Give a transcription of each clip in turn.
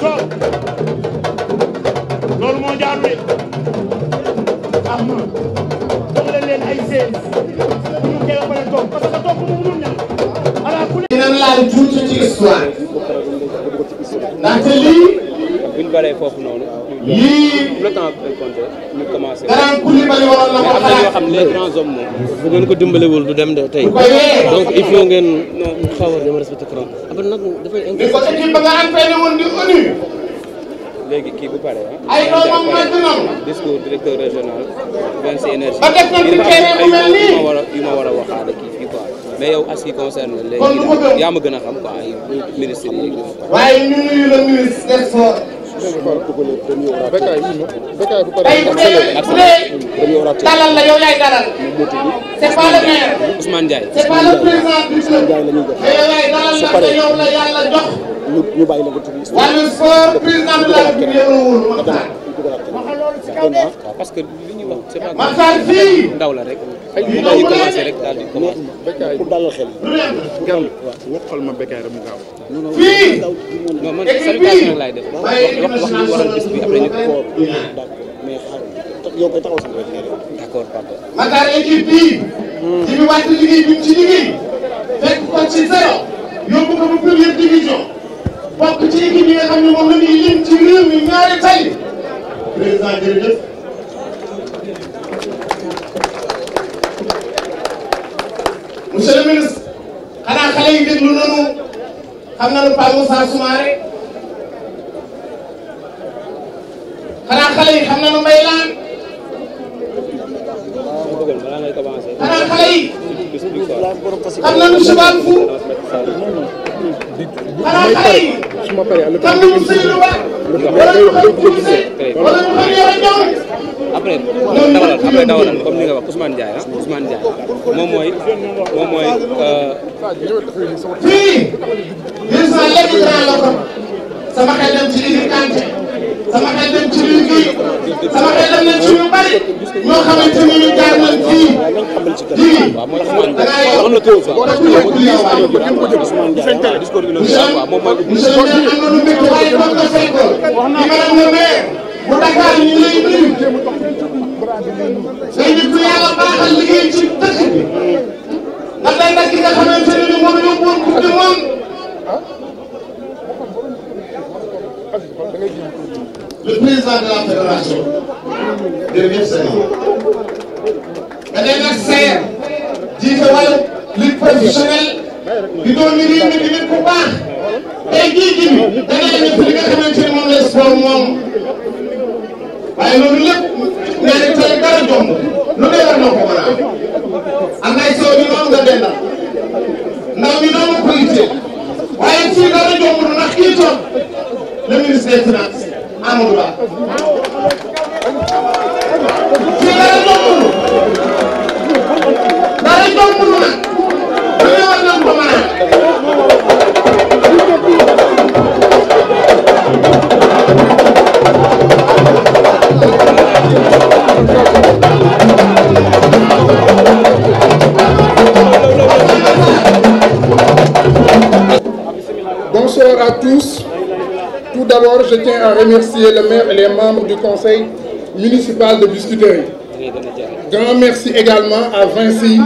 toog loolu moo jaadu de ah ma jox leen leen ay séen bu ñu koy waxee toog parce que toog mu mënul ñàkk ala ku ne. dinañ laal tuuti ci histoire ndaxte lii. buñ baree foofu noonu. lii. combien de temps compteur ko xalaat mais am na ñoo xam bu ngeen ko dimbalewul du dem de tey. donc il faut ngeen. non xaw a dama respecté trop. après nag dafay. ba nga entraîné woon di ONU. léegi kii bu paree directeur régional. vingt six énergie. ba ma war a yu a kii fii quoi. mais yow as yi concerne yaa ma gën a xam quoi ay ministres yi. waaye ñu nuyu la ministre des sports. dalal la yow yaay dalal. c'est pas le maire. Ousmane Ndiaye. c'est pas le président du club. mais yow yaay dalal la te yow la yàlla jox. ñu bàyyi la ko tuuti. wàllu sport président de la République yore parce que li ñuy wax c'est pas ndaw la rek. dañuy commencé rek daal di commencé. béykat yi pour dalal xel. gàll waxal ma béykat rek mu gaaw. fii non man salutation laay def wax wax li waral bis bi après ñu ko. mais xaaral yow kay taxaw si d' accord bi wàcc ci liggéey. fekk ko ci zéro. yóbbu ko bu première division. bokk ci équipe yi nga xam ne moom la ñuy ci réew mi ñaari tay président monsieur le ministre xanaa xale yi déglu nañu xam nañu Pape Moussa Soumaré xanaa xale yi xam nañu Mbaye Lane xanaa xale yi xam nañu Chebane Fou di su ma paree lu tax lu tax day wax wala ñu xam yore ñoom après dawalal après dawalal ni nga wax Ousmane Ndiaye ah mooy moom mooy fii ministre léegi dinaa la ko sama xel dem ci Idi sama xel dem ci luy kii sama xel dem nañ ci lu bari ñoo xamante ni ñu jaar nañ fii lii danaa yow dafa yëg lii waaw monsieur le maire am na lu métti waaye toog nga say ko li madame le maire bu Dakar ñu lay nuyu day nit ku yàlla baaxal liggéey ci dëkk bi ndax day nag ki nga xamante ni Gracias. je tiens à remercier le maire et les membres du conseil municipal de Biscuiterie. Grand merci également à Vinci,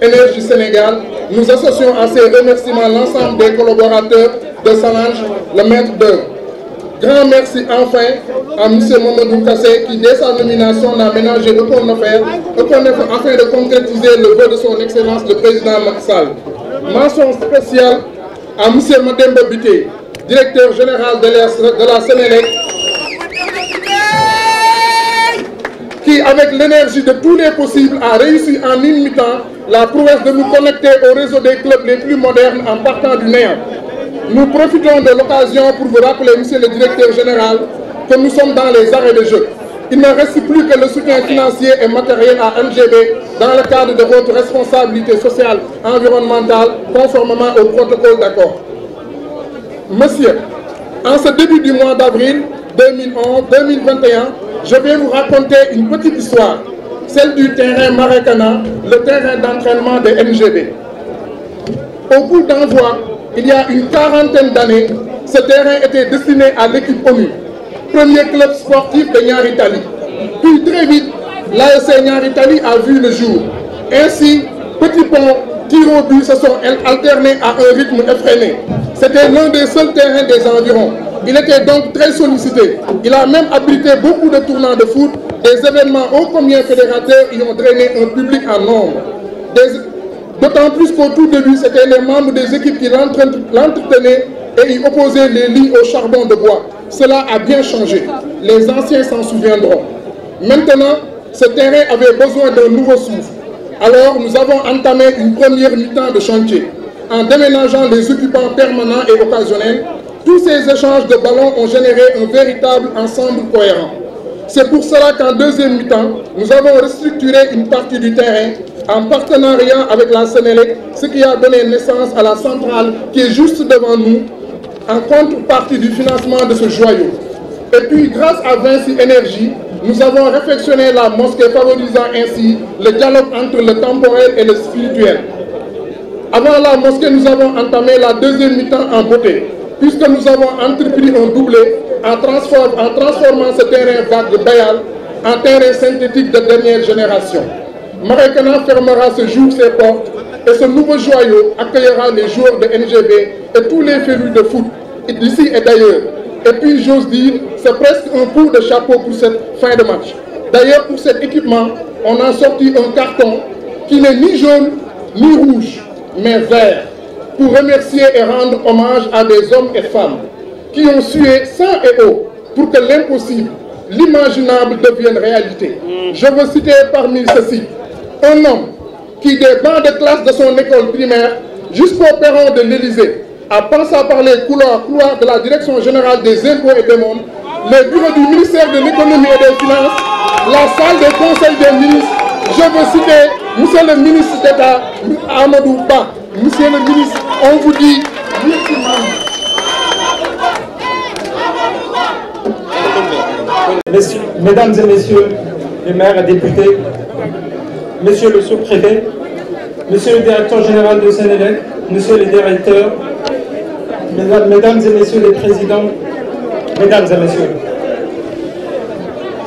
Énergie Sénégal. Nous associons à ces remerciements l'ensemble des collaborateurs de Salange, le maître d'œuvre. Grand merci enfin à M. Mamadou Kassé qui, dès sa nomination, n'a ménagé aucun affaire, afin de concrétiser le vœu de son Excellence le Président Maxal. Mention spéciale à M. de Buté, directeur général de la, de Sénélec, qui, avec l'énergie de tous les possibles, a réussi en imitant la prouesse de nous connecter au réseau des clubs les plus modernes en partant du néant. Nous profitons de l'occasion pour vous rappeler, monsieur le directeur général, que nous sommes dans les arrêts de jeu. Il ne reste plus que le soutien financier et matériel à MGB dans le cadre de votre responsabilité sociale environnementale conformément au protocole d'accord. Monsieur, en ce début du mois d'avril 2011-2021, je vais vous raconter une petite histoire, celle du terrain Maracana, le terrain d'entraînement des MGB. Au bout d'envoi, il y a une quarantaine d'années, ce terrain était destiné à l'équipe commune, premier club sportif de Niar Italie. Puis très vite, l'ASC Niar Italie a vu le jour. Ainsi, petits pont qui au se sont alternés à un rythme effréné. C'était l'un des seuls terrains des environs. Il était donc très sollicité. Il a même abrité beaucoup de tournants de foot. Des événements ô combien fédérateurs y ont drainé un public en nombre. D'autant plus qu'autour de lui, c'était les membres des équipes qui l'entretenaient et y opposaient les lits au charbon de bois. Cela a bien changé. Les anciens s'en souviendront. Maintenant, ce terrain avait besoin d'un nouveau souffle. Alors, nous avons entamé une première mi-temps de chantier en déménageant des occupants permanents et occasionnels, tous ces échanges de ballons ont généré un véritable ensemble cohérent. C'est pour cela qu'en deuxième mi-temps, nous avons restructuré une partie du terrain en partenariat avec la Sénélec, ce qui a donné naissance à la centrale qui est juste devant nous, en contrepartie du financement de ce joyau. Et puis, grâce à Vinci Énergie, nous avons réflexionné la mosquée favorisant ainsi le dialogue entre le temporel et le spirituel. Avant la mosquée, nous avons entamé la deuxième mi-temps en beauté, puisque nous avons entrepris un doublé en, transformant ce terrain vague Bayal en terrain synthétique de dernière génération. Maracana fermera ce jour ses portes et ce nouveau joyau accueillera les joueurs de NGB et tous les férus de foot ici et d'ailleurs. Et puis j'ose dire, c'est presque un coup de chapeau pour cette fin de match. D'ailleurs, pour cet équipement, on a sorti un carton qui n'est ni jaune ni rouge, mes vert, pour remercier et rendre hommage à des hommes et femmes qui ont sué sang et eau pour que l'impossible, l'imaginable devienne réalité. Je veux citer parmi ceux-ci un homme qui, des bancs de classe de son école primaire jusqu'au perron de l'Élysée, a pensé par les couloirs, couloirs de la Direction générale des impôts et des mondes, le bureau du ministère de l'économie et des finances, la salle des conseils des ministres, je veux citer Monsieur le ministre d'État, monsieur le ministre, on vous dit merci. mesdames et messieurs les maires et députés, monsieur le sous-préfet, monsieur le directeur général de Sénélec, monsieur le directeur, mesdames, mesdames et messieurs les présidents, mesdames et messieurs,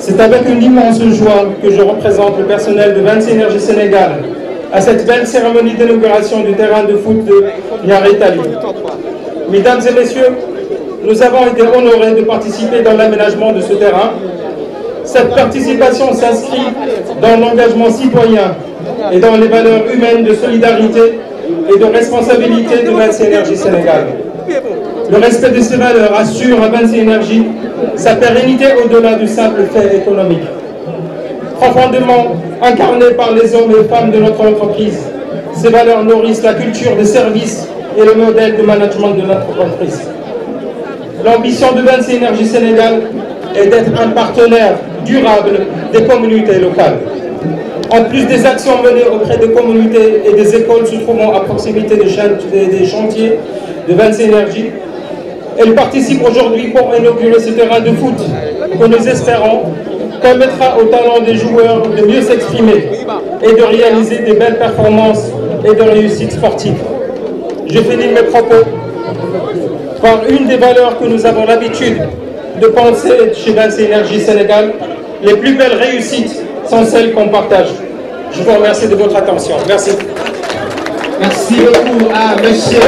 c'est avec une immense joie que je représente le personnel de Vinci Énergie Sénégal à cette belle cérémonie d'inauguration du terrain de foot de Niaritali. Mesdames et messieurs, nous avons été honorés de participer dans l'aménagement de ce terrain. Cette participation s'inscrit dans l'engagement citoyen et dans les valeurs humaines de solidarité et de responsabilité de Vinci Énergie Sénégal. Le respect de ces valeurs assure à Vinci Énergie sa pérennité au-delà du simple fait économique. Profondément incarné par les hommes et femmes de notre entreprise, ces valeurs nourrissent la culture des services et le modèle de management de notre entreprise. L'ambition de Vinci Énergie Sénégal est d'être un partenaire durable des communautés locales. En plus des actions menées auprès des communautés et des écoles se trouvant à proximité des, chantiers de Vinci Énergie, elle participe aujourd'hui pour inaugurer ce terrain de foot que nous espérons permettra au talent des joueurs de mieux s'exprimer et de réaliser des belles performances et de réussites sportives. Je finis mes propos par une des valeurs que nous avons l'habitude de penser chez Vince Énergie Sénégal. Les plus belles réussites sont celles qu'on partage. Je vous remercie de votre attention. Merci. Merci beaucoup à monsieur.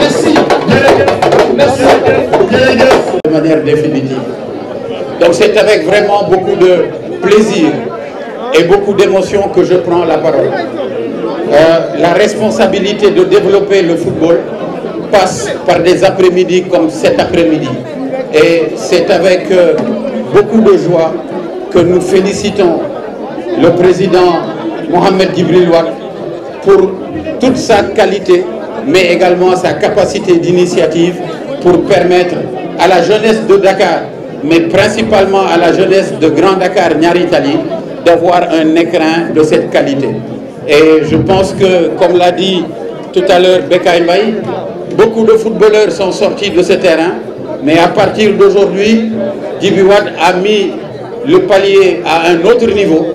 Merci. De manière définitive. Donc c'est avec vraiment beaucoup de plaisir et beaucoup d'émotion que je prends la parole. Euh, la responsabilité de développer le football passe par des après-midi comme cet après-midi. Et c'est avec euh, beaucoup de joie que nous félicitons le président Mohamed Gibrilouak pour toute sa qualité mais également sa capacité d'initiative pour permettre à la jeunesse de Dakar, mais principalement à la jeunesse de Grand Dakar Niaritali, d'avoir un écran de cette qualité. Et je pense que, comme l'a dit tout à l'heure Beka beaucoup de footballeurs sont sortis de ce terrain, mais à partir d'aujourd'hui, Dibiwad a mis le palier à un autre niveau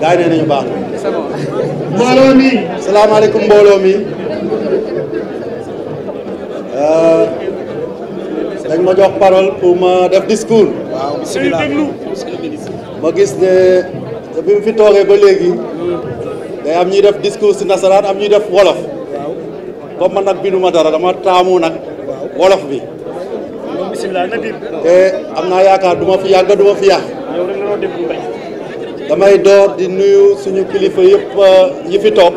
gaa yi nee nañu baax mbooloo mi. salaamaaleykum mbooloo mi. Euh, dañ ma jox parole pour ma def discours. ma gis ne bi mu fi toogee ba léegi. day am ñuy def discours ci nasaraan am ñuy def wolof. comme man nag binduma dara dama taamu nag. wolof bi. te am naa yaakaar du fi yàgg du fi yàq. damay door di nuyu suñu kilifa yëpp yifi euh, top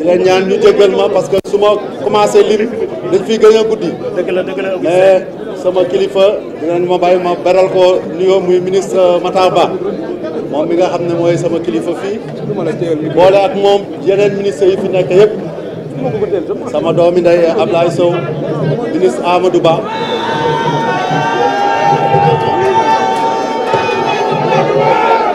di la ñaan ñu jéggal ma parce que suma commencé lim dañ fiy gën a guddi mais sama kilifa dinañ ma bàyyi ma beral ko nuyu muy ministre euh, Mataba mom mi nga xamne moy sama kilifa fii boole ak mom yeneen ministre yi fi nekk yépp sama domi nday Ablaye Sow ministre Amadou Ba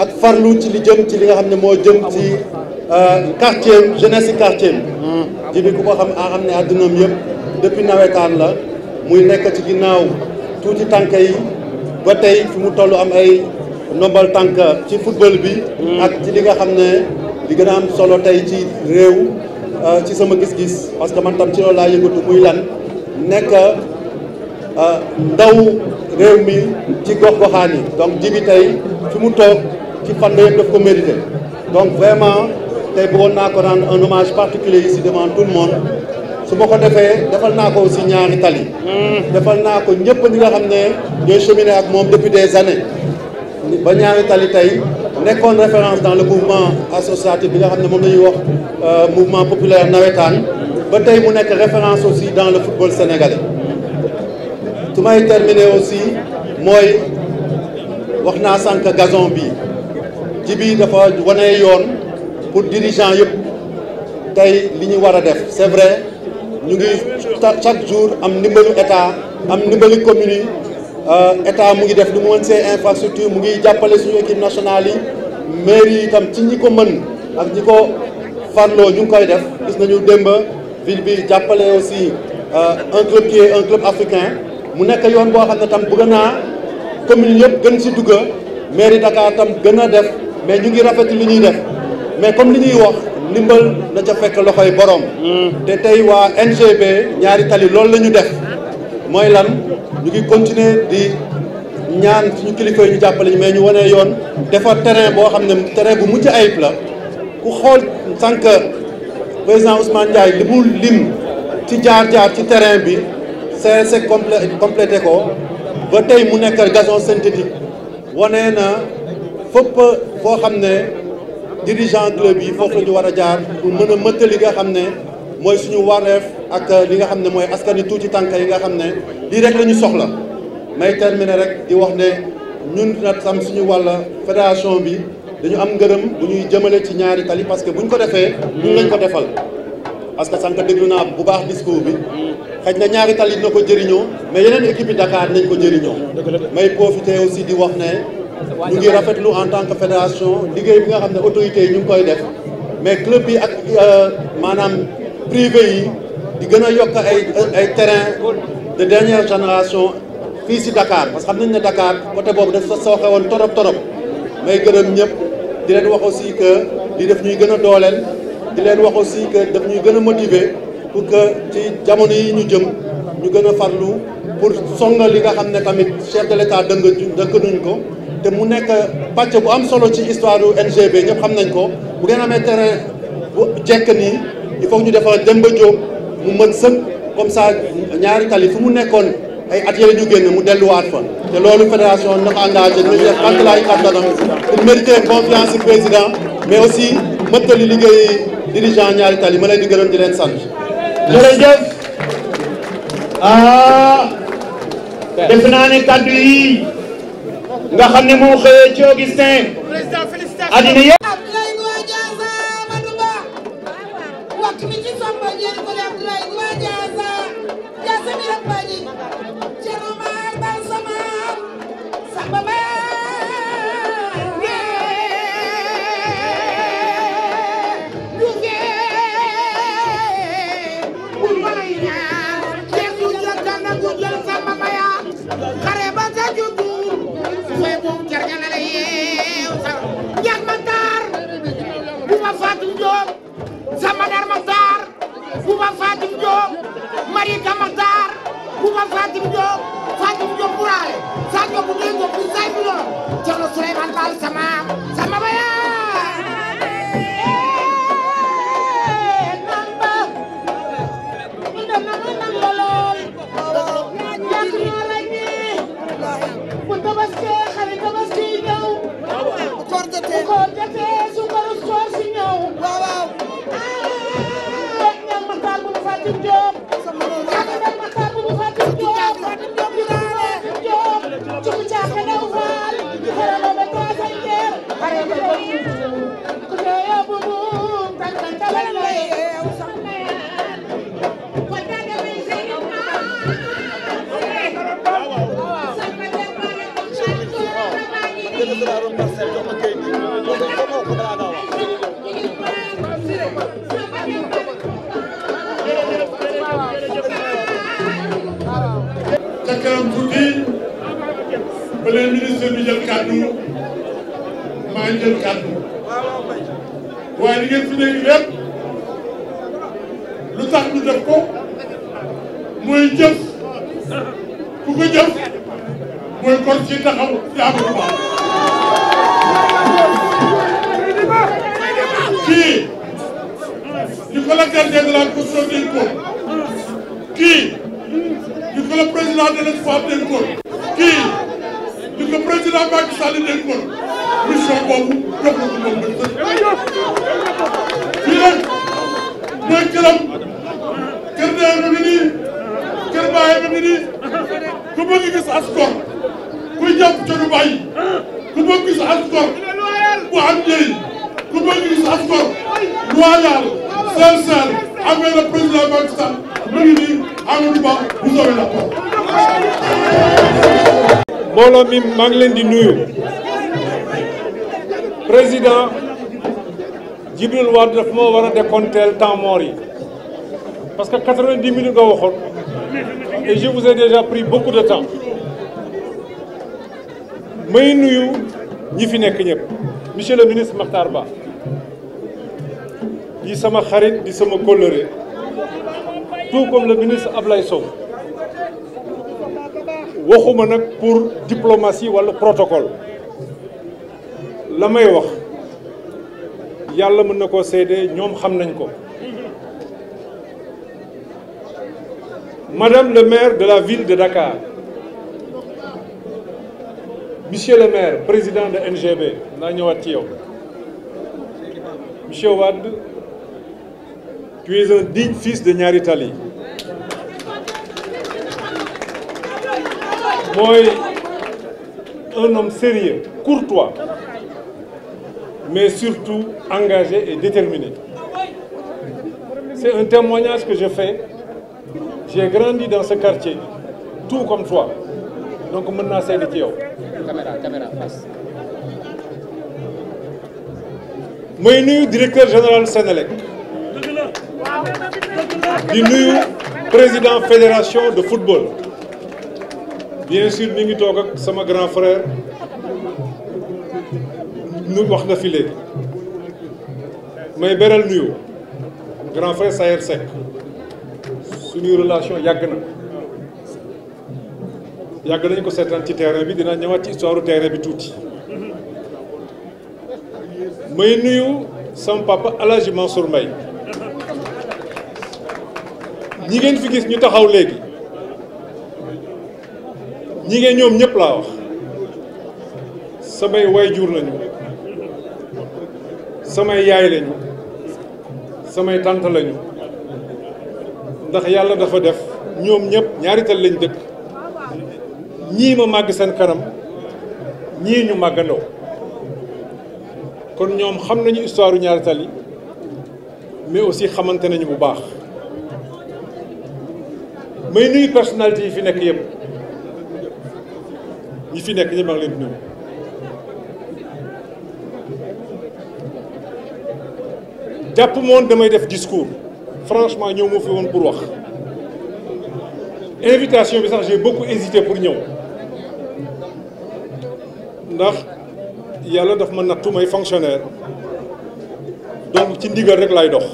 ak farlu ci li jëm ci li nga xam ne moo jëm ci euh, quartier jeunesse ci quartier hmm. bi ji bi ku ko xam a ah, xam ne àddunaam yëpp depuis nawetaan la muy nekk ci ginnaaw tuuti tànk yi ba tey fi mu toll am ay nombal tànk ci football bi hmm. ak ci li nga xam ne li gën a am solo tey ci réew euh, ci sama gis-gis parce que man tam ci loolu laa yëngatu muy lan nekk euh, ndaw réew mi ci gox goxaan donc jibi tey fi mu toog Qui fan la yëpp ko mérité donc vraiment je bëggoon ko rendre un hommage particulier ici devant tout le monde Ce que ko fait, defal naa ko aussi ñaari tali defal naa ko ñëpp ñi nga xam ne ñooy cheminer ak moom depuis des années ba ñaari tali tey nekkoon référence dans le mouvement associatif bi nga xam ne moom wax euh, mouvement populaire nawetaan ba tey mu nekk référence aussi dans le football sénégalais Tu may terminé aussi Moi, wax naa sànq gazon bi ci bii dafa wane yoon pour dirigeant yëpp tey li ñu war a def c'est vrai ñu ngi chaque jour am ndimbalu état am ndimbalu commune yi euh, état mu ngi def lu mu mën see infrastructure mu ngi jàppale suñu équipe nationale yi mairie yi itam ci ñi ko mën ak ñi ko farloo ñu ngi koy def gis nañu démb ville bi jàppale aussi euh, un club qui un club africain mu nekk yoon boo xam ne tam bëgg naa commune yëpp gën si dugg mairie Dakar tam gën a def mais ñu ngi rafet li ñuy def mais comme li ñuy wax ndimbal na ca fekk loxoy borom. te tey waa NGB ñaari tali loolu la ñu def mooy lan ñu ngi continuer di ñaan suñu kilifa yi ñu jàppale mais ñu wane yoon defar terrain boo xam ne terrain bu mujj ayib la ku xool sànq président Ousmane Ndiaye li mu lim ci jaar-jaar ci terrain bi CRC complété ko ba tey mu nekk gazon synthétique wane na. fépp foo xam ne dirigeant club yi foofu la war a jaar pour mën a mëttal li nga xam ne mooy suñu wareef ak li nga xam ne mooy askan wi tuuti tànk yi nga xam ne lii rek la ñu soxla may terminer rek di wax ne ñun nag sam suñu wàlla fédération bi dañu am ngërëm bu ñuy jëmale ci ñaari tali parce que bu ñu ko defee ñun lañ ko defal parce que sànq déglu naa bu baax discours bi xëy na ñaari tali dina ko jëriñoo mais yeneen équipe yi Dakar nañ ko jëriñoo may profiter aussi di wax ne ñu ngi rafetlu en tant que fédération liggéey bi nga xam ne autorités yi ñu ngi koy def mais club yi ak euh, maanaam privé yi di gën a yokk ay ay terrain de dernière génération fii si Dakar parce que xam nañ ne Dakar côté boobu dafa sooxe woon torop torop may gërëm ñëpp di leen wax aussi que li def ñuy gën a dooleel di leen wax aussi que daf ñuy gën a motiver pour que ci jamono yi ñu jëm ñu gën a farlu pour songal li nga xam ne tamit chef de l'État dëng dëkk nuñ ko te mu nekk pàcc bu am solo ci histoire yu NGB xam nañ ko bu ngeen amee terrain bu jekk nii il faut ñu defar Demba Diop mu mën sëkk comme ça ñaari tali fu mu nekkoon ay at yële ñu génn mu delluwaat fa te loolu fédération na ko engagé dinañ def pàcc laay kàttanam pour mériter confiance président mais aussi mëttali liggéey dirigeant ñaari tali ma leen di gërëm di leen sant. jërëjëf ah. def naa ne kaddu yi. nga xam ne moo xëyee ci Augustin addina yëpp Abdoulaye Ngoye Dias Amadou Ba wakk mi ci Samba Diène ko Abdoulaye Ngoye Dias Dias mi ak ngi di nuyu président Jibril Wade daf mo wara a décompter temps mort yi parce que 90 minutes nga waxoon et je vous ai déjà pris beaucoup de temps may nuyu ñi fi nek ñep monsieur le ministre Makhtar Ba di sama xarit di sama coloré tout comme le ministre Ablaye Sow waxuma nak pour diplomatie le protocole la wax yalla mën nako cédé ñom xam ko Madame le maire de la ville de Dakar Monsieur le maire président de NGB na ñëwaat ci yow Monsieur wad tu es un digne fils de ñaari Tali. Moi, un homme sérieux courtois mais surtout engagé et déterminé c'est un témoignage que je fais j'ai grandi dans ce quartier tout comme toi donc maintenant c'est caméra caméra directeur général Sénélec di président fédération de football bien sûr ñu ngi toog ak sama grand frère nu wax na fi léegi may beral nuyu grand frère Sayer Seck suñuy relation yàgg na yàgg nañu ko seetaan ci terrain bi dinaa ñëwaat ci histoire terrain bi tuuti may nuyu sama papa El Hadj Mansour Mbaye ñi ngeen fi gis ñu taxaw léegi. ñi ngeen ñoom ñëpp laa wax samay jur lañu samay yaay lañu samay tànt lañu ndax yàlla dafa def ñoom ñëpp ñaari Tali lañ dëkk ñii ma màgg seen kanam ñii ñu màggandoo kon ñoom xam nañu histoire ñaari yi mais aussi xamante nañu bu baax may nuyu personnalité yi fi nekk yëpp. ñi fi nekk ñëpp maa ngi leen di nuyu jàpp moon damay def discours franchement ñëw moo fi woon pour wax invitation bi sax j'ai beaucoup hésité pour ñëw ndax yàlla daf ma nattu may fonctionnaire donc ci ndigal rek lay dox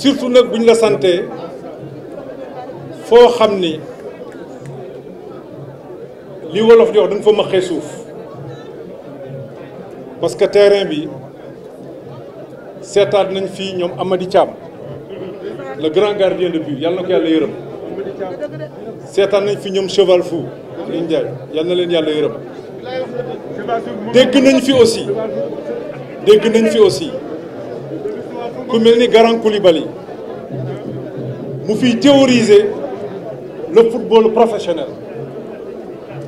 surtout nag bu la santé foo xam ni li wolof di wax parce que terrain bi sont nañ fi ñom le grand gardien de but yalla nako yalla yeureum fi cheval fou y a yalla na leen aussi aussi Koulibaly mu théoriser le football professionnel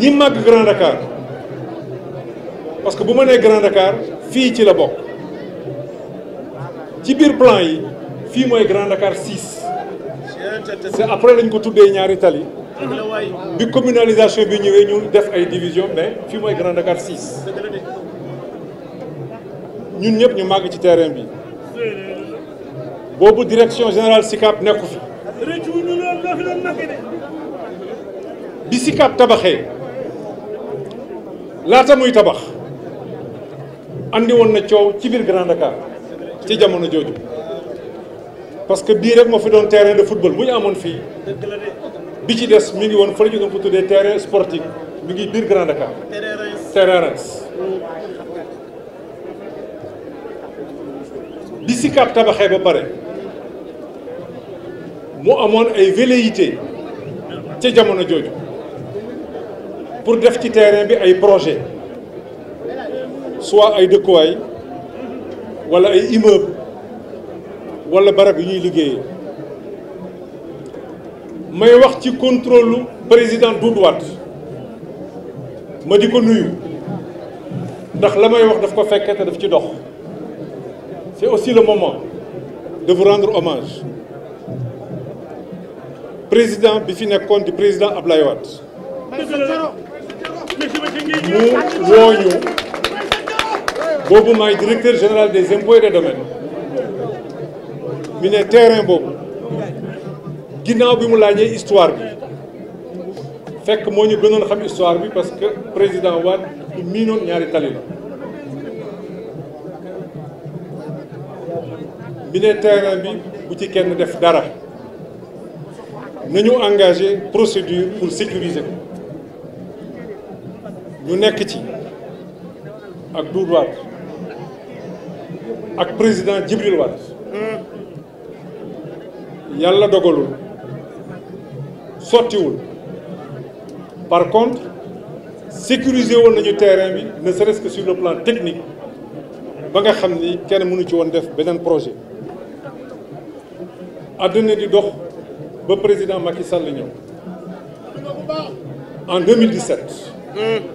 ñi mag Grand Dakar parce que bu ma nee Grand Dakar fii ci la bokk ci biir plan yi fii mooy Grand Dakar 6 c'est après lañ ko tuddee ñaari tali bi communalisation bi ñëwee ñu def ay division mais fii mooy Grand Dakar 6 ñun ñëpp ñu mag ci terrain bi boobu direction générale SICAP nekku fi bi SICAP tabaxee laata muy tabax andi woon na coow ci biir Grand Dakar ci jamono jooju parce que bii rek moo fi doon terrain de football bu ñu amoon fii bi ci des mi ngi woon fële ñu doon ko tuddee terrain sportif mi ngi biir Grand Dakar terrain Reims bi tabaxee ba pare mu amoon ay velléité ca jamono jooju pour def ci terrain bi ay projet soit ay dëkkuwaay wala ay immeuble wala barab yi ñuy liggéeyee may wax ci contrôle président Doudouat ma di ko nuyu ndax la may wax daf ko fekkee te daf ci dox c'est aussi le moment de vous rendre hommage président bi fi nekkoon di président Ablaye Wade nous voyons Bobo, boobu directeur général des impôts et des domaines ñu terrain Guinée, ginnaaw bi mu laajee histoire bi fekk moo gënoon xam histoire bi parce que président Wade est miinoon ñaari tali la bi ne terrain bi bu ci kenn def nous avons engagé procédure pour sécuriser nous sommes ci ak président Djibril Wade yalla dogalul par contre sécuriser nos terrains, terrain ne serait-ce que sur le plan technique ba nga que ni mënu ci projet. def projet àddina di président Macky Sall en 2017.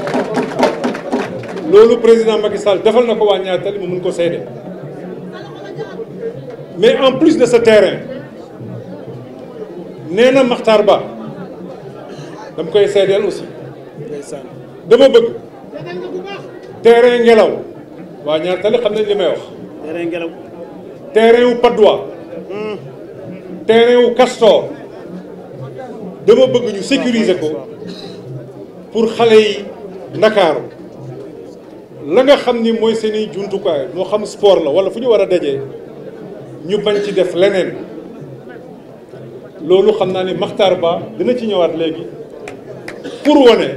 loolu président Macky Sall defal na ko waa ñaari tali mun ko seede mais en plus de sa terrain nee na Makhtar Ba dama koy seedeel aussi dama bëgg terrain ngelaw waa ñaari tali xam nañ li may wax terrain ngelaw terrain wu Padois hmm. terrain wu Castor dama bëgg ñu sécuriser ko pour xale yi Ndakaaru la nga xamni moy mooy juntu i mo xam sport la wala fu ñu war a ñu bañ ci def leneen lolu xamna ni Makhtar Ba dina ci ñëwaat légui pour woné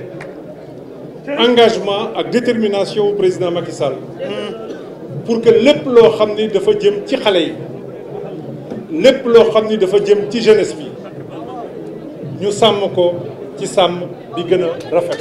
engagement ak détermination président Macky Sall pour que lepp lo xamni dafa jëm ci xalé yi lepp lo xamni dafa jëm ci jeunesse bi ñu sam ko ci sam bi gëna rafet.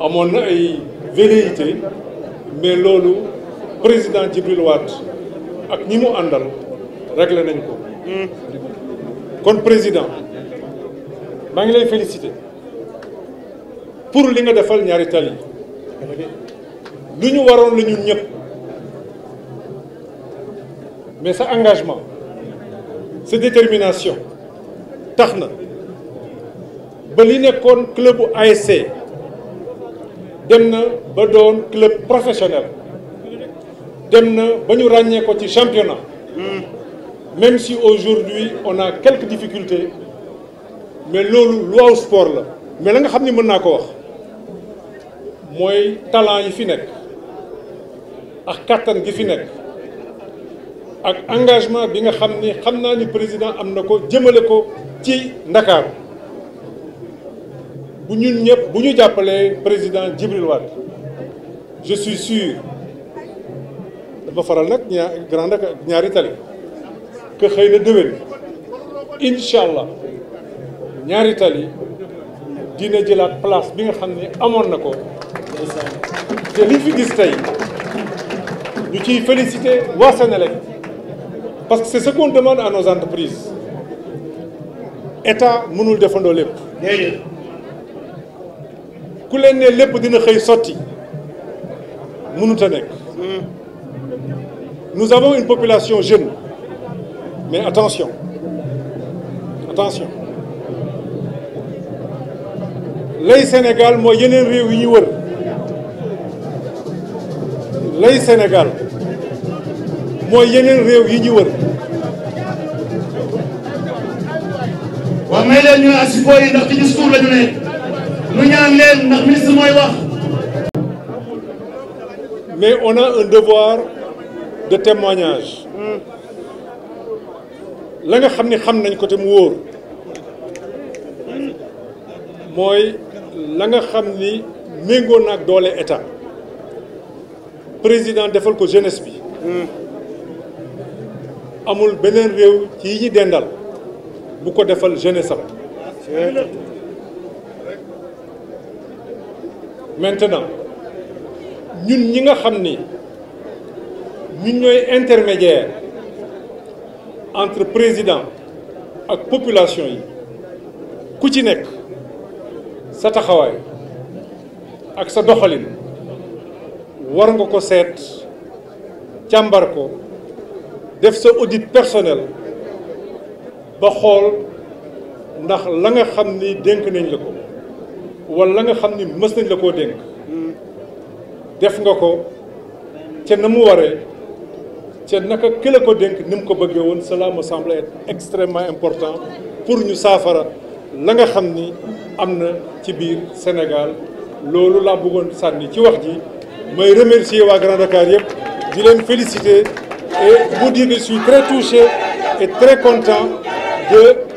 à mon ay velléité mais le président Djibril Wade ak ñi mu andal, réglé nañ ko kon président maa ngi lay pour li nga defal ñaari tali lu ñu waroon la mais sa engagement cette détermination tax na ba li un club ASC dem na ba club professionnel dem na ba ko ci championnat même si aujourd'hui on a quelques difficultés mais loolu loi au sport la mais la nga xam ni mën wax talent yi fi le ak kàttan gi fi nekk ak engagement bi nga xam ni ni président am na ko le ko ci Dakar bu ñun ñëpp bu ñu président Djibril Wade je suis sûr dama faral nag ñaar grand ak ñaari que xëy na déwén incha Italie, ñaari tali dina place bi nga xam ne amoon Je ko te liñ fi gis tey ñu ciy félicité parce que c'est ce qu'on demande à nos entreprises état mënul defandoo lépp ku leen ne lépp dina xëy sotti mënuta a nekk nous avons une population jeune mais attention attention lay Sénégal mooy yeneen réew yi ñu wër lay Sénégal mooy yeneen réew yi ñu wër waaw may leen ñu asibo yi ndax ci discours la ñu ne mais on a un devoir de témoignage. la nga xam ni xam nañ ko te mu la nga xamni mengo nak état président defal ko jeunesse bi. amul benen rew ci yi dendal bu ko defal jeunesse maintenant nous ñi nga xam ni ñun intermédiaire entre président ak population yi ku ci axa sa taxawaay ak sa doxalin ko ko def sa audit personnel ba xol ndax la nga xamni denk wala la nga xamni meus nañ la ko denk def nga ko ci na mu waree ca naka ki la ko dénk ni ko bëggee woon cela me semble être extrêmement important pour ñu safara la nga xamni amna ci biir Sénégal lolu la bëggoon sanni ci wax ji may remercier wa Grand Dakar yépp di leen féliciter et vous dire que je suis très touché et très content de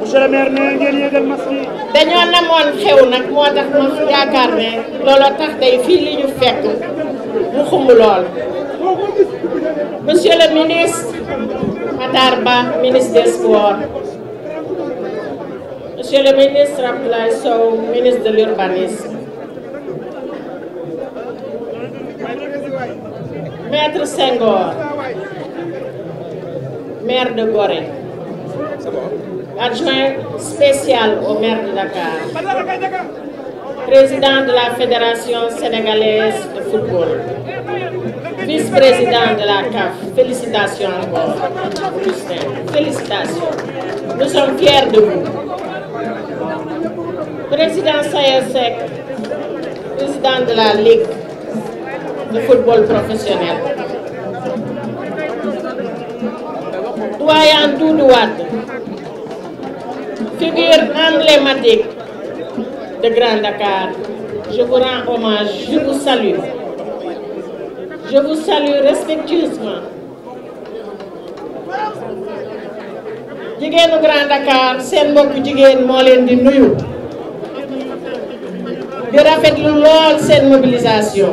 monsieur le maire nee dañoo namoon xew nag moo tax moom yaakaar ne looloo tax day fii li fekk mu xumb lool monsieur le ministre Matar Ba ministre des monsieur le ministre Abdoulaye Sow ministre de l'urbanisme maître Senghor maire de Gorée adjoint spécial au maire de Dakar, président de la Fédération sénégalaise de football, vice-président de la CAF. Félicitations encore, Félicitations. Nous sommes fiers de vous. Président Sayasek, président de la Ligue de football professionnel. Doyen Doudouad, figure emblématique de Grand Dakar, je vous rends hommage, je vous salue. Je vous salue respectueusement. au Grand Dakar c'est le jigéen moo leen di nuyu. refaire rafetlu c'est cette mobilisation.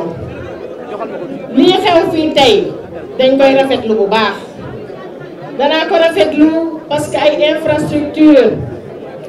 lii xew fii Je dañ koy rafetlu bu baax. Je ko l'eau parce qu'il a ay infrastructure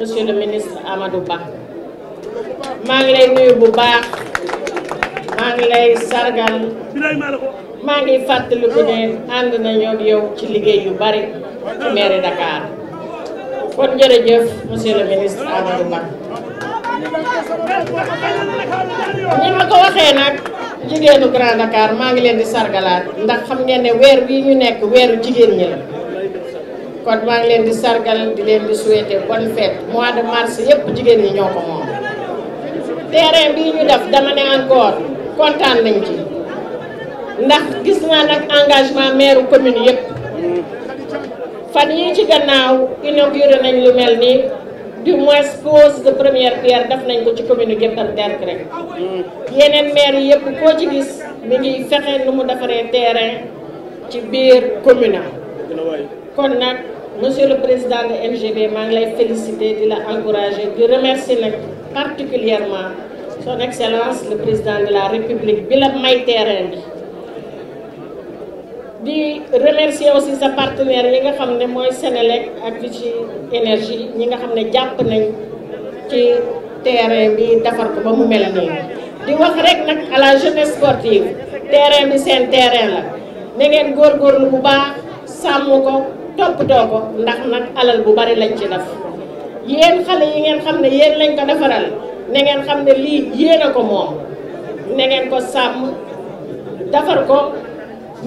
monsieur le ministre Amadou Ba maa ngi lay nuyu bu baax maa ngi lay sargal maa ngi fàttaliku ne ànd nañoo ak yow ci liggéey yu bari ci mairie Dakar kon jërëjëf monsieur le ministre Amadou Ba ñi ma ko waxee nag jigéenu Grand Dakar maa ngi leen di sargalaat ndax xam ngeen ne weer bii ñu nekk weeru jigéen ñi la kon maa ngi leen di sargal di leen di souhaiter bonne fête mois de mars yépp jigéen ñi ñoo ko moom terrain bii ñu def dama ne encore kontaan nañ ci ndax gis naa nag engagement maire commune yëpp fan yii ci gannaaw inauguré nañ lu mel nii du moins pose de première pierre def nañ ko ci commune Guet-Ndar Derklé rek yeneen maire yi yëpp koo ci gis mi ngi fexe nu mu defaree terrain ci biir commune am kon nak, monsieur le président de MGB je lay féliciter di la encourager di remercier particulièrement son excellence le président de la république bi la may terrain bi di aussi sa partenaire yi nga xam ne mooy Sénélec ak Vichy énergie ñi nga xam ne jàpp nañ ci terrain bi defar ko ba mu mel nii di wax rek nag à la jeunesse sportive terrain bi seen terrain la na ngeen góorgóorlu bu baax sàmm ko toppatoo ko ndax nag alal bu bari lañ ci def yéen xale yi ngeen xam ne yéen lañ ko defaral na ngeen xam ne lii yéen a ko moom na ngeen ko sàmm defar ko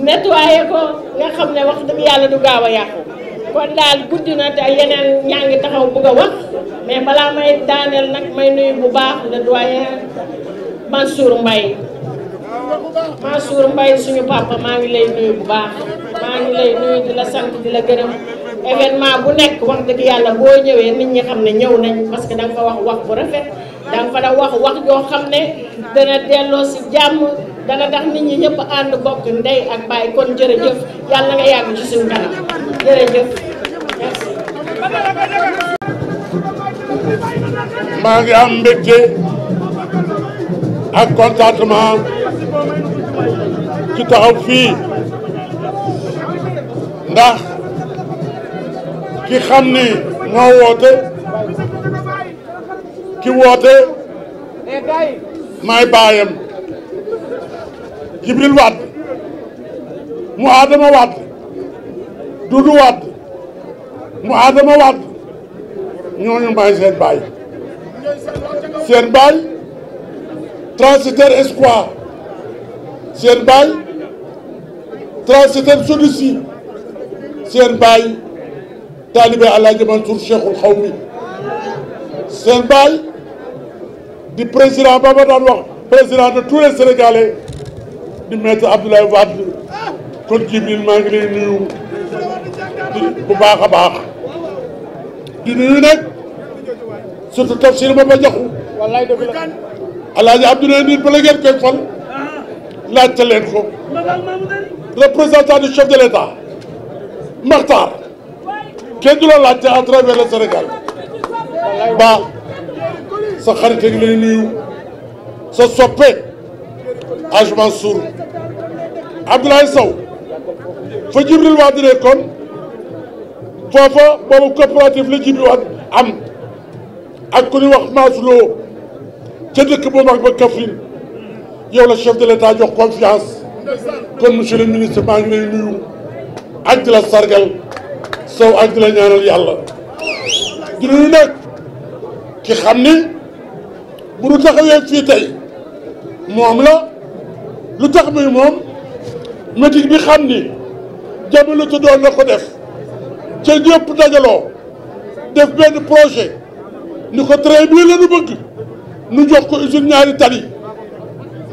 nettoyé ko nga xam ne wax dëgg yàlla du gaaw a yàqu kon daal guddi na te yeneen ñaa ngi taxaw bëgg a wax mais balaa may daaneel nag may nuyu bu baax le doyen Mansour Mbaye Mansour Mbaye suñu papa maa ngi lay nuyu bu baax maa ngi lay nuyu di la sant di la gërëm événement bu nekk wax dëgg yàlla boo ñëwee nit ñi xam ne ñëw nañ parce que da nga fa wax wax bu rafet da nga fa da wax wax joo xam ne dana delloo si jàmm dana tax nit ñi ñëpp ànd bokk ndey ak baay kon jërëjëf yàlla nga yàgg ci suñu kanam jërëjëf merci. maa ngi am mbégte ak contentement. ci taxaw fii ndax ki xam ni moo woote ki woote maay baayam Jibril Wade mu Adama Wade Dudu Wade mu Adama Wade ñooñu maay seen baay seen baay transitaire espoir seen baay transiteur sunu si seen baay taalibe Alaaji Mansour Cheikhul Xawmi seen baay di président ba ma président de tous les sénégalais di maître Abdoulaye Wade kon Jibril maa ngi lay nuyu bu baax a baax di nuyu nag surtout tafsir ba ma joxu Alaaji Abdoulaye nit ba la ngeen koy fal laajte leen ko représentant du chef de l'État Maxtar kenn du la à travers le Sénégal ba sa xarit ak lay nuyu sa soppe Hadj Mansour Abdoulaye Sow fa Djibril Wade nekkoon foofa boobu coopérative la Djibril Wade am ak ku ñuy wax Masloo ca dëkk bu mag ba Kaffrine yow la chef de l'État jox confiance kon monsieur le ministre maa ngi lay nuyu ak di la sargal sow ak la ñaanal yàlla di nuyu ki xam ni bu nu taxawee fii tey moom la lu tax muy moom métier bi xam ni jamono te doon na ko def ca ñëpp dajaloo def benn projet nu ko train bii la nu bëgg nu jox ko usine ñaari tali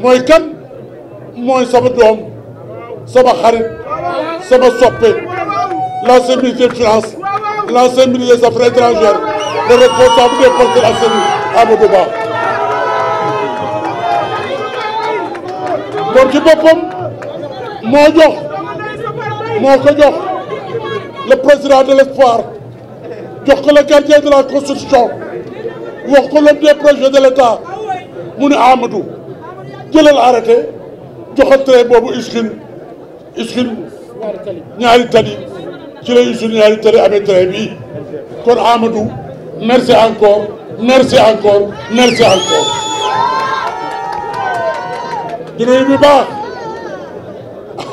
homme, kan mooy sama dom sama xarit l'ancien ministre de France, la ministre des affaires étrangères le responsable des la Amadou Mon ci mo jox jox le président de l'espoir jox le gardien de la constitution le ko de l'État mu Amadou جل العرقة جحت بابو إسخن إسخن نهاري تالي جل إسخن نهاري تالي أبي ترهبي كون عامدو مرسي أنكور مرسي أنكور مرسي أنكور جنيه بيبا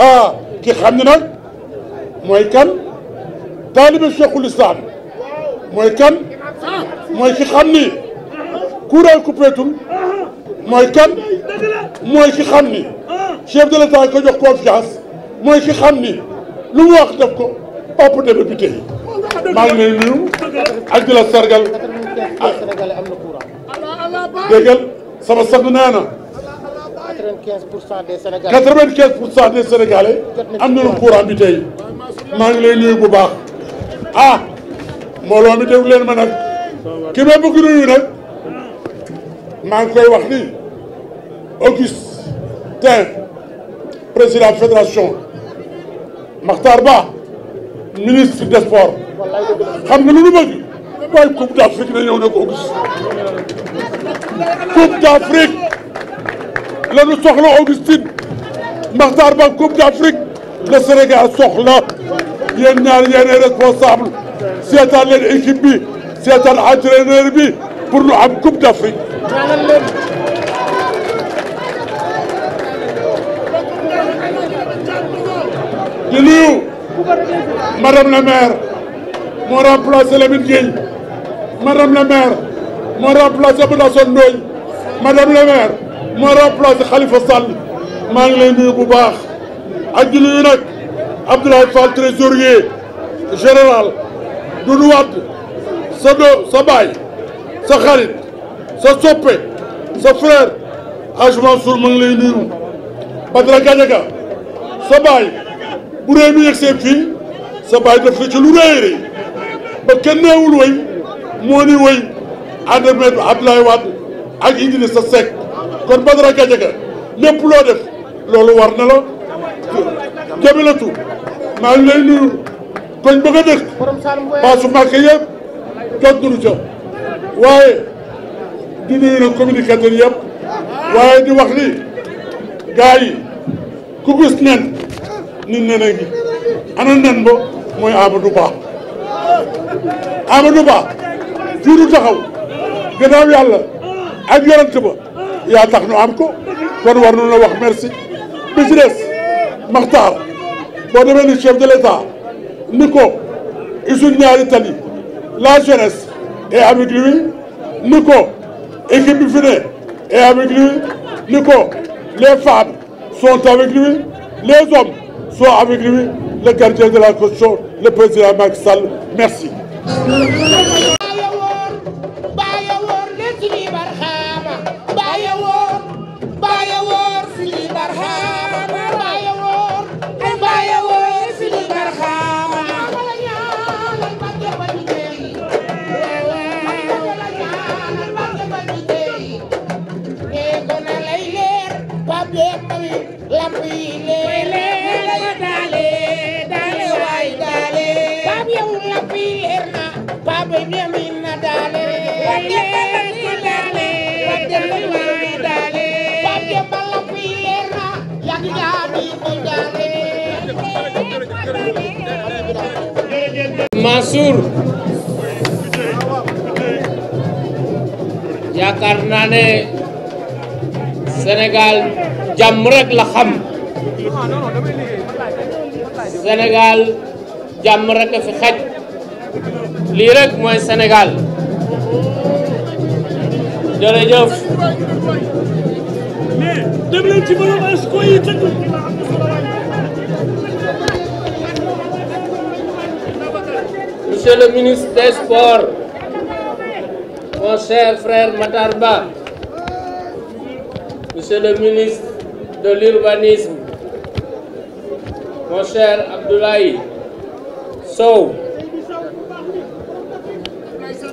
ها كي خمدنا مويكم طالب الشيخ الإسلام مويكم مويكي خمني كورا الكوبيتم mooy kan mooy ki xam ni chef de l'État ko jox confiance mooy ki xam ni lu mu wax def ko ëpp na député yi maa ngi lay nuyu ak di la sargal déggal sama sang nee na. 95 pour cent des sénégalais 95 pour cent des sénégalais am nañu courant bi tey maa ngi lay nuyu bu baax ah mbooloo mi déglu leen ma nag ki ma bëgg nuyu nag maa ngi koy wax nii. Augustin président fédération Makhtar Ba ministre des sports xam nga lu ñu bëgg waaye Coupe d'Afrique na la ñu soxla Augustine Makhtar Ba Coupe d'Afrique le Sénégal soxla yéen ñaar yéen responsable seetaan leen équipe bi seetaan entraîneur bi pour ñu am d'Afrique madame la maire m'a remplacé Lamine Gueye madame la maire m'a remplacé Boubacar Ndoye madame la maire m'a remplacé Khalifa Sall maa ngi lay nuyu bu trésorier général Dounouad, Sado, Sabay, do sa baay sa xarit sa soppe frère Mansour bu réew mi yegsee fii sa baay def na ci ba kenn neewul way moo ni way ànd ak maître Abdoulaye Wade ak Idrissa kon Badara Gadiaga lépp def loolu war na la Jabilatu maa koñ ba nga dëkk paasu màkk jot nañu waaye di nuyu nag communicateur nen nit ne na ngi ana nen ba mooy Amadou Ba Amadou Ba juudu taxaw gannaaw yàlla ak yorant ba yaa tax nu am ko kon war nu la wax merci bi ci des Maxtaar boo demee ni chef de l'État ni ko usine ñaari tali la jeunesse est avec lui ko équipe bi fi ne est avec ko les femmes sont avec lui les soit avec lui le gardien de la caution, le président Max Sall. Merci. Masur ya karena ne Senegal jamrek laham Senegal jamrek fakih Lirek, moi, mooy Sénégal jërëjëf. Monsieur le ministre des Sports, mon cher frère Matarba, Monsieur le ministre de l'Urbanisme, mon cher Abdoulaye Sow,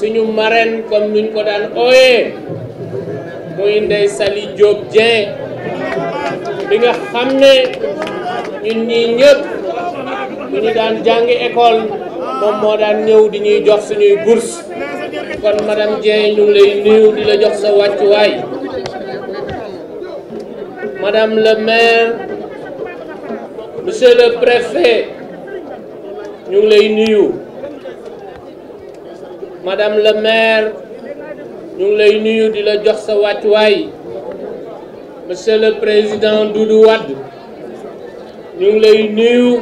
suñu marraine comme nuñ ko daan ooyee moy ndey sali job Dieng bi nga xam ñun ñi ñëpp bu ñu daan jàngi école mom mo daan ñëw di ñuy jox suñuy bourse kon madame Dieng ñu lay nuyu di la jox sa waccu way madame le maire monsieur le préfet ñu lay nuyu madame la maire nous ngi lay de la jox sa monsieur le président Doudouad, nous ñu ngi de nuyu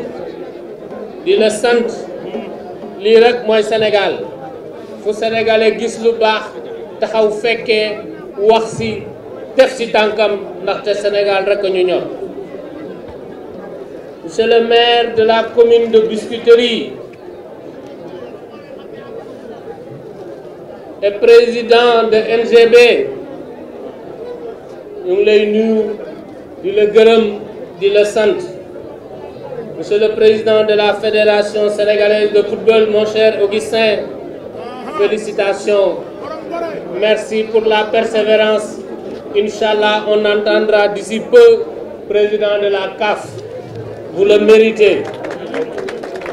la Sainte, lirak rek Sénégal fu sénégalais gis lu baax taxaw fekkee wax ci def Sénégal rek monsieur le maire de la commune de Biscuiterie et président de NGB nous nous lay nuyu Grum, la le monsieur le président de la fédération sénégalaise de football mon cher Augustin félicitations merci pour la persévérance Inch'Allah on entendra d'ici peu président de la CAF vous le méritez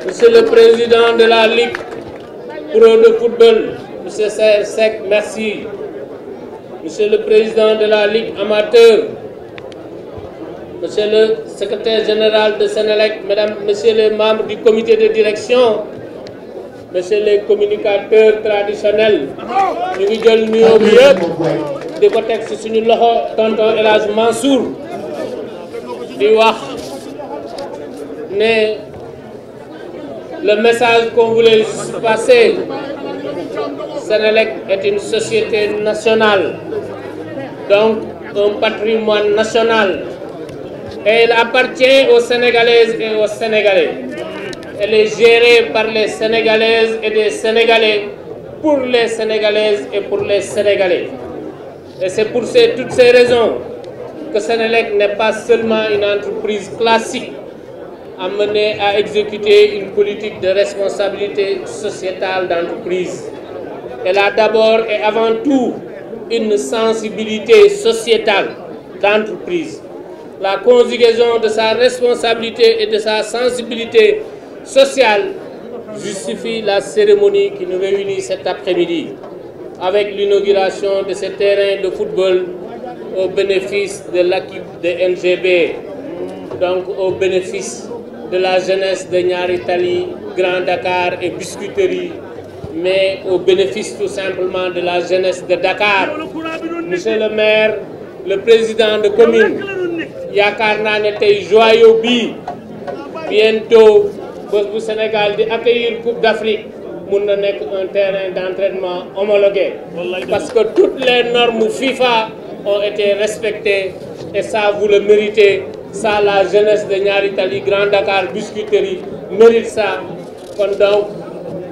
monsieur le président de la Ligue pro de football Monsieur Sec, merci. Monsieur le Président de la Ligue amateur, Monsieur le Secrétaire général de Sénélec, Mesdames, Messieurs les membres du comité de direction, Monsieur les communicateurs traditionnels, nous jël Mansour le message qu'on voulait passer Sénélec est une société nationale, donc un patrimoine national. Elle appartient aux Sénégalaises et aux Sénégalais. Elle est gérée par les Sénégalaises et les Sénégalais, pour les Sénégalaises et pour les Sénégalais. Et c'est pour ces, toutes ces raisons que Sénélec n'est pas seulement une entreprise classique amenée à exécuter une politique de responsabilité sociétale d'entreprise elle a d'abord et avant tout une sensibilité sociétale d'entreprise. La conjugaison de sa responsabilité et de sa sensibilité sociale justifie la cérémonie qui nous réunit cet après-midi avec l'inauguration de ce terrain de football au bénéfice de l'équipe de NGB, donc au bénéfice de la jeunesse de Niar-Italie, Grand Dakar et Biscuiterie mais au bénéfice tout simplement de la jeunesse de Dakar. Monsieur le maire, le président de commune, Yakar était était joyeux, bientôt le Sénégal di accueillir Coupe d'Afrique Il na a un terrain d'entraînement homologué parce que toutes les normes FIFA ont été respectées et ça vous le méritez ça la jeunesse de Nyaritali, Grand Dakar Biscuiterie mérite ça donc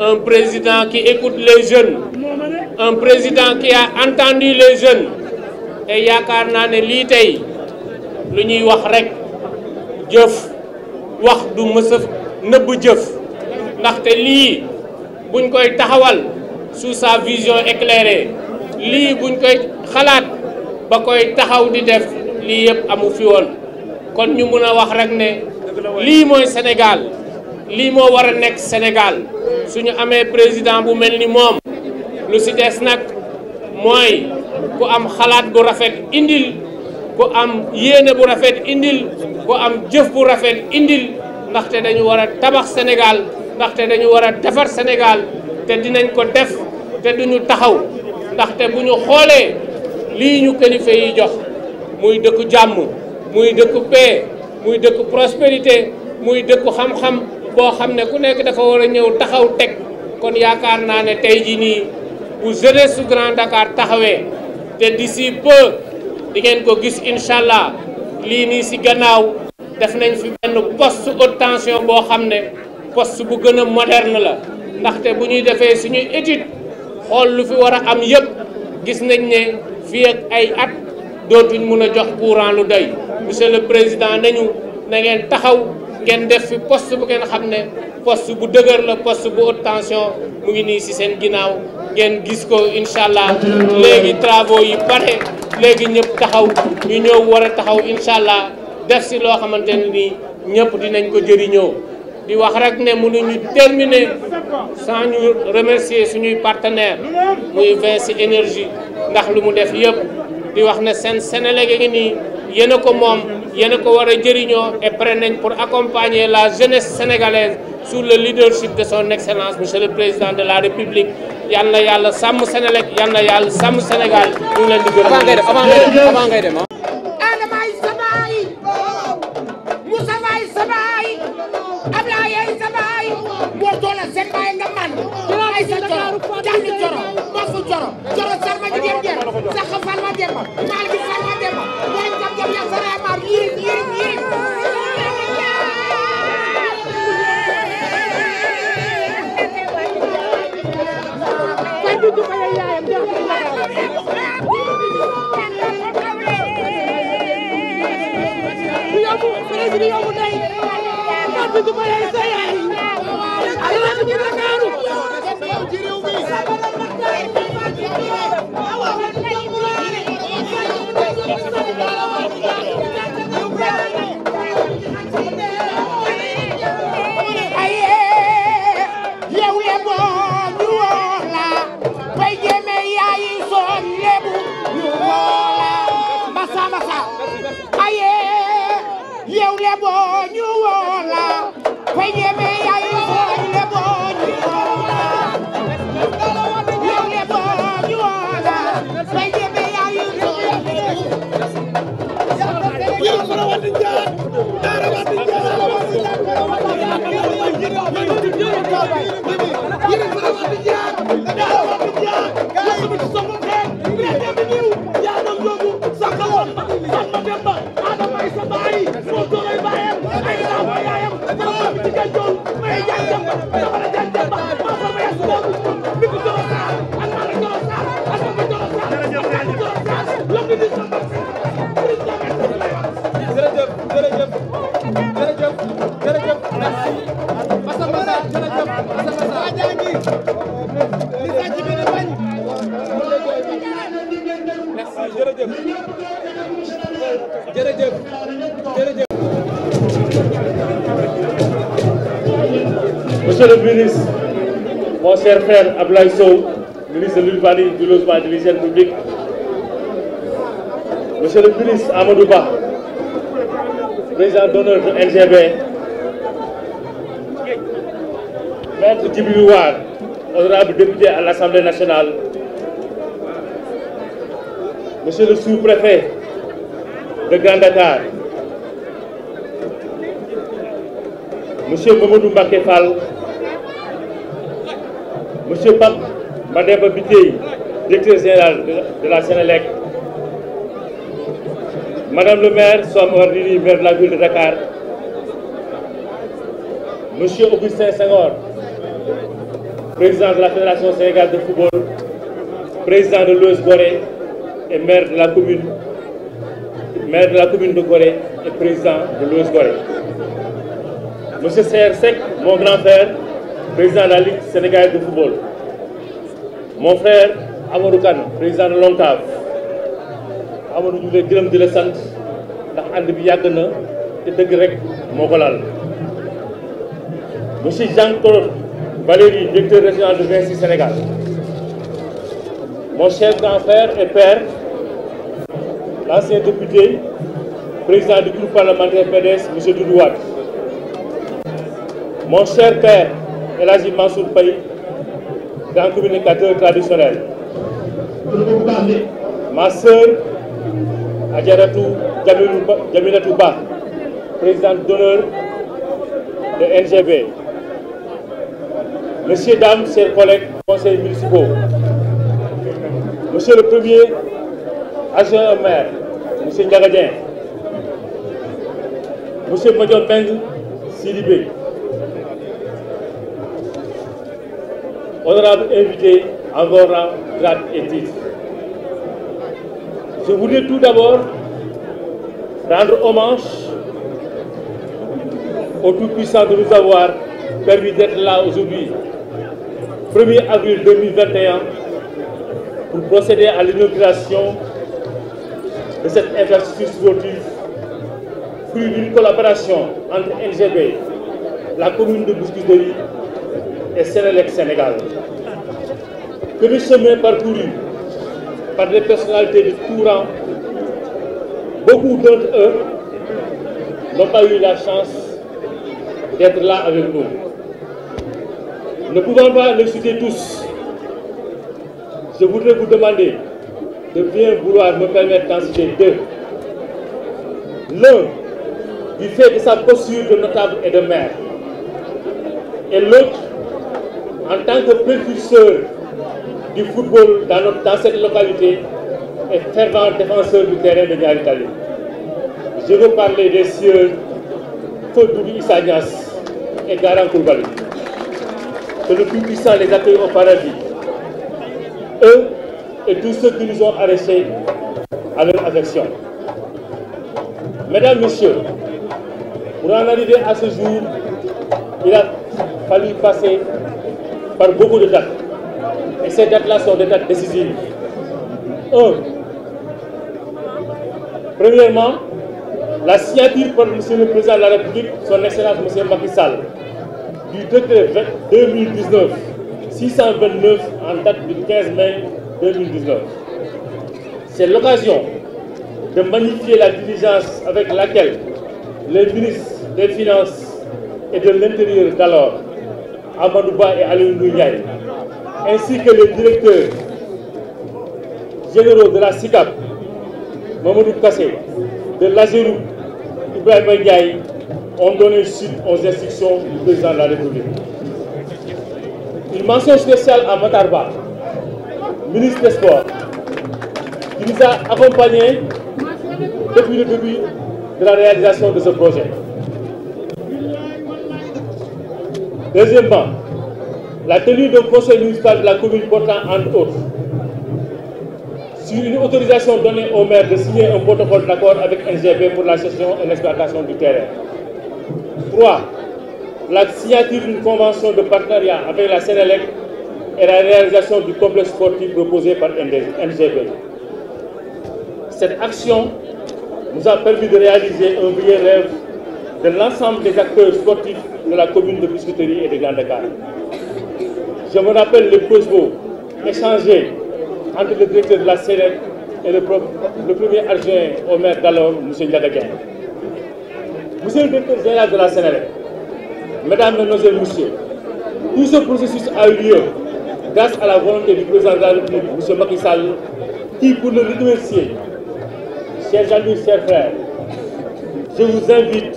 un président qui écoute les jeunes un président qui a entendu les jeunes et yakarna ne lii wax rek wax du a buñ koy taxawal sous sa vision éclairée li buñ koy xalat ba koy taxaw di def li amu fi kon ñu ne li moy Sénégal lii moo war a nekk Sénégal ñu amee président bu mel ni moom lu si des nag mooy ku am xalaat bu rafet indil ku am yéene bu rafet indil ku am jëf bu rafet indil ndaxte dañu war a tabax Sénégal ndaxte dañu war a defar Sénégal te dinañ ko def te duñu taxaw ndaxte bu ñu xoolee lii ñu kilifa yi jox muy dëkku jàmm muy dëkku paix muy dëkku prospérité muy dëkku xam-xam bo xamne ne ku nek dafa wara ñew taxaw tek kon yaakar naa ne tey ni nii bu jeunesse su Grand Dakar taxawé te d'ici peu di ngeen ko gis inshallah li ni ci gannaaw def nañ fi ben poste haute tension bo xamne ne poste bu gëna moderne la ndaxte bu ñuy défé suñu étude xol lu fi wara am yépp gis nañ né fi ak ay at dootuñ mëna jox courant lu doy monsieur le président nañu na ngeen taxaw. ngeen def fi poste bu ngeen xam ne post bu dëgër la poste bu haute tension mu ngi nii ci seen ginnaaw ngeen gis ko incha allah léegi travaux yi pare léegi ñëpp taxaw ñu ñëw war a taxaw incha allah def si loo xamante ne nii ñëpp dinañ ko jëriñoo di wax rek ne mënuñu terminer sans ñu remercier suñuy partenaire muy Vinci énergie ndax lu mu def yëpp di wax ne seen Senelec a ngi nii yéen ko moom yéen a ko war a jëriñoo et pour accompagner la jeunesse sénégalaise sous le leadership de son excellence monsieur le président de la république yal na yàlla sàmm Sénélec yal na yàlla sàmm Sénégal ñu ngi leen di gërëm. avant ngay dem avant ngay dem avant ngay dem ah. fu Coro Coro Salma Jigéen Jeer Saxa Salma Demba Malick Salma Demba Yaay Jam Jam Yaa Sara Mar yéeg yéeg yéeg kay dugg ba lay yaayam jox ko Yombu président yombu day kay dugg ba lay want. digal joon may jàngam ba dama la jàngam ba Monsieur le ministre, mon cher frère Ablaï ministre de l'Urbanisme, du Logement et de l'Hygiène publique, Monsieur le ministre Amadouba, président d'honneur de LGB, Maître Ouad, honorable député à l'Assemblée nationale, Monsieur le sous-préfet de Grand Dakar, Monsieur Mamadou Mbakefal, monsieur Pape Mme Bitey directeur général de la Sénélec madame le maire Soham maire de la ville de Dakar monsieur Augustin Senghor président de la Fédération sénégalaise de football président de l'US Gorée et maire de la commune maire de la commune de Gorée et président de l'OS Gorée monsieur Seyer mon grand frère président de la Ligue sénégalaise de football. Mon frère Amadou président de l'ONCAV Amadou ñu le grand gërëm de la sant ndax ànd bi de monsieur Jean-Claude Valéry directeur régional de Vinci Sénégal. mon cher grand frère et père l'ancien député président du groupe parlementaire PDS monsieur Doudouat. mon cher père. El Mansour Paye, grand communicateur traditionnel. Ma soeur, Adjaratou Djaminatou Ba, présidente d'honneur de NGB. Messieurs, dames, chers collègues, conseils municipaux. Monsieur le Premier, agent maire, Monsieur Ndiagadien. Monsieur Madion Peng, Sidibé. honorable invité encore en et Je voudrais tout d'abord rendre hommage au Tout-Puissant de nous avoir permis d'être là aujourd'hui, 1er avril 2021, pour procéder à l'inauguration de cette infrastructure sportive, fruit d'une collaboration entre NGB, la commune de Bousquiserie et Sénélec Sénégal, que nous chemin parcouru par des personnalités de courant, beaucoup d'entre eux n'ont pas eu la chance d'être là avec nous. Ne pouvant pas les citer tous, je voudrais vous demander de bien vouloir me permettre d'en citer deux. L'un, du fait de sa posture de notable et de maire, et l'autre, en tant que précurseur du football dans, cette localité et fervent défenseur du terrain de Je veux parler des cieux Fodoubi Isagnas et Garan Kourbali. Que le plus puissant les accueille au paradis. Eux et tous ceux qui nous ont arrêtés à leur affection. Mesdames, Messieurs, pour en arriver à ce jour, il a fallu passer par beaucoup de dates. Et ces dates-là sont des dates décisives. premièrement, la signature par M. le Président de la République, son Excellence M. Macky Sall, du décret 2019 629 en date du 15 mai 2019. C'est l'occasion de magnifier la diligence avec laquelle les ministres des Finances et de l'Intérieur d'alors Amadouba et Alléluia, Ndiaye, ainsi que les directeurs généraux de la SICAP, Mamoudou Kassé, de l'Azerou, Ibrahim Ndiaye, ont donné suite aux instructions du président de la République. Une mention spéciale à Matarba, ministre des Sports, qui nous a accompagnés depuis le début de la réalisation de ce projet. Deuxièmement, la tenue d'un conseil municipal de la commune portant entre autres sur une autorisation donnée au maire de signer un protocole d'accord avec NGV pour la gestion et l'exploitation du terrain. Trois, La signature d'une convention de partenariat avec la Sénélec et la réalisation du complexe sportif proposé par NGV. Cette action nous a permis de réaliser un vieux rêve de l'ensemble des acteurs sportifs de la commune de Biscuiterie et de Grand Dakar. Je me rappelle les projet échangés entre le directeur de la CNR et le, premier adjoint au maire d'alors, M. Ndiadaguen. Monsieur le directeur général de la CNR, Mesdames, et Messieurs, tout ce processus a eu lieu grâce à la volonté du président de la République, M. Macky qui, pour le remercier, chers amis, chers frères, je vous invite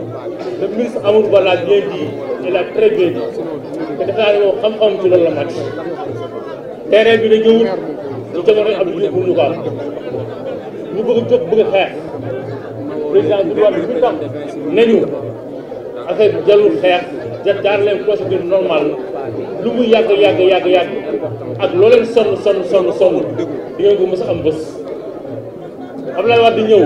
le ministre Amadou Ba l'a bien dit il te defe naa moom xam-xam ci loolu la mat terrain bi dañu wut lu jamono am lu ñu ñu ko am ñu bëgg jóg bëgg xeex nañu affaire bi xeex jaar leen procédure lu muy yàgg yàgg yàgg yàgg ak loo sonn sonn sonn sonn di ngeen ko mës am bés Abdoulaye Wade di ñëw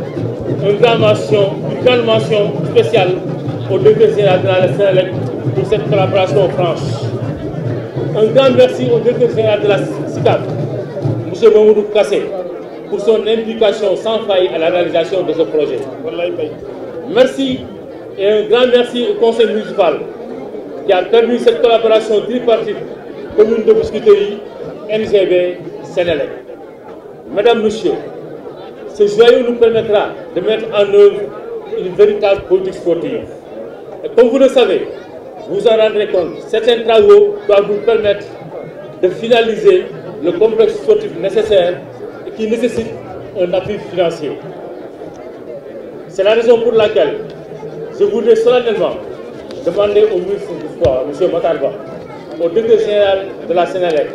une grande mention, une spéciale au député général de la Sénélec pour cette collaboration franche. Un grand merci au directeur général de la CICAP, M. Mamoudou Kassé, pour son implication sans faille à la réalisation de ce projet. Merci et un grand merci au conseil municipal qui a permis cette collaboration tripartite commune de Biscuiterie, NGB, Sénélec. Madame, Messieurs, ce joyau nous permettra de mettre en œuvre une véritable politique sportive. Et comme vous le savez, vous en rendrez compte, certains travaux doivent vous permettre de finaliser le complexe sportif nécessaire et qui nécessite un appui financier. C'est la raison pour laquelle je voudrais solennellement demander au ministre du Sport, M. Matarba, au directeur général de la Sénélec,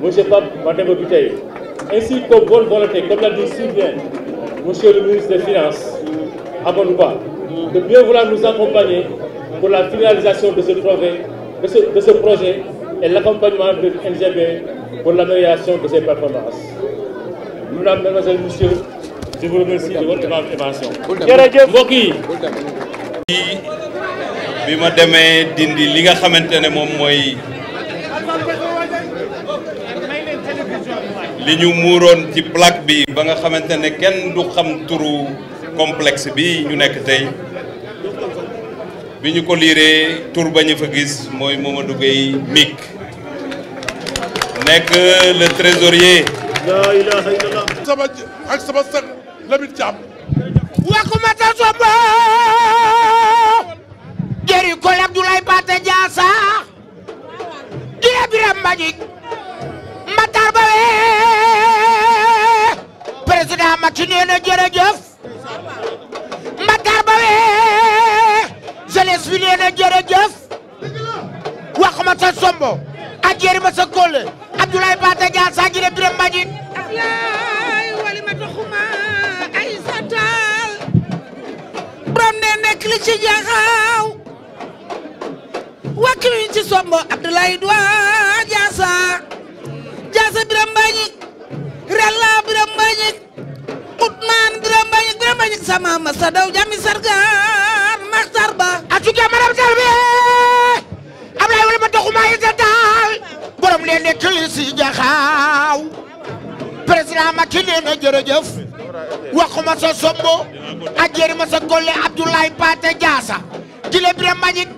M. Pape Matembo ainsi qu'aux bonnes volontés, comme l'a dit si bien Monsieur le ministre des Finances, à Bonouba, de bien vouloir nous accompagner pour la finalisation de ce projet, de ce, projet et l'accompagnement de NGB pour l'amélioration de ses performances. Mesdames, et Messieurs, je vous remercie de votre intervention. liñu ñu muuroon ci plaque bi ba nga xamante ne kenn du xam turu complexe bi ñu nekk tey bi ñu ko liiree tur ba ñu fa gis mooy momadou gay mik nekk le trésorier. la ilaha illallah. sama ak sama sax Lamine Thiam. wakumata sombo jëri kol Abdoulaye Pathé Diassa jëre Biram Mbagnick Matar Ba wee président Macky nee na jërëjëf Matar Ba wee jeunesse bi nee na jërëjëf wax ma sa sombo ak jëri ma sa kólle Abdoulaye Bata Dia sa jire Birame Mbagnick Ablaye Walimata Xuma ay satal borom ne nekk li ci jaxaw wakkiluñ ci sombo Abdoulaye Doi Dia sa jaasa biram mbañik ralla biram mbañik utmaan biram mbañik biram mbañik sama masa daw jami sargar maxtar ba a cuga maram salbe ablaye wala ma doxuma yita taal borom leen ne kilisi jaxaaw président Macky nee jërëjëf waxuma sa sombo a sa golle Abdoulaye Pathé Diassa jile biram mbañik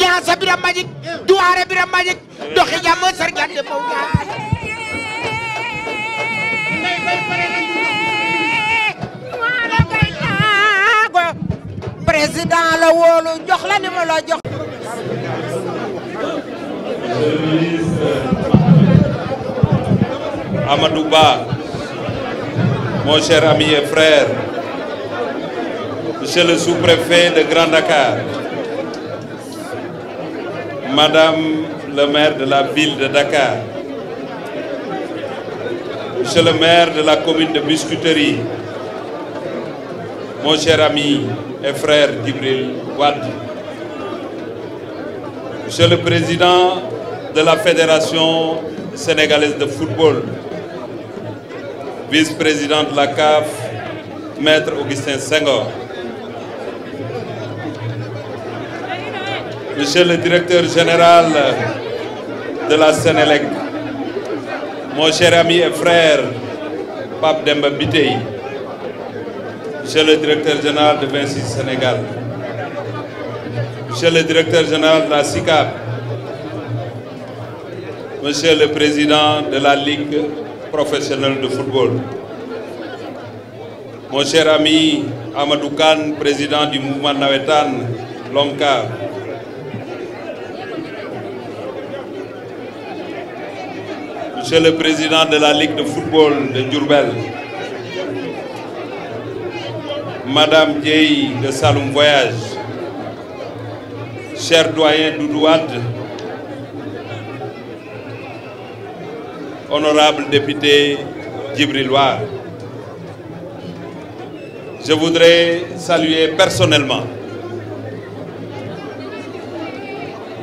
ñaasa biram mbañik duwaare biram mbañik doxi jàmm sargal le mawlaay président la la mon cher ami et frère monsieur le sous-préfet de Grand Dakar madame le maire de la ville de Dakar. Monsieur le maire de la commune de Biscuterie, mon cher ami et frère Gibril Wad, Monsieur le président de la Fédération sénégalaise de football, vice-président de la CAF, maître Augustin Senghor, Monsieur le directeur général de la Sénélec, mon cher ami et frère Pape Demba Bitey, Monsieur le directeur général de Vinci Sénégal, Monsieur le directeur général de la SICAP, Monsieur le président de la Ligue professionnelle de football, mon cher ami Amadou Khan, président du mouvement Nawetan, Longka. Monsieur le Président de la Ligue de football de Djurbel, Madame Djei de Saloum Voyage, cher doyen Doudouad, honorable député Djibriloir, je voudrais saluer personnellement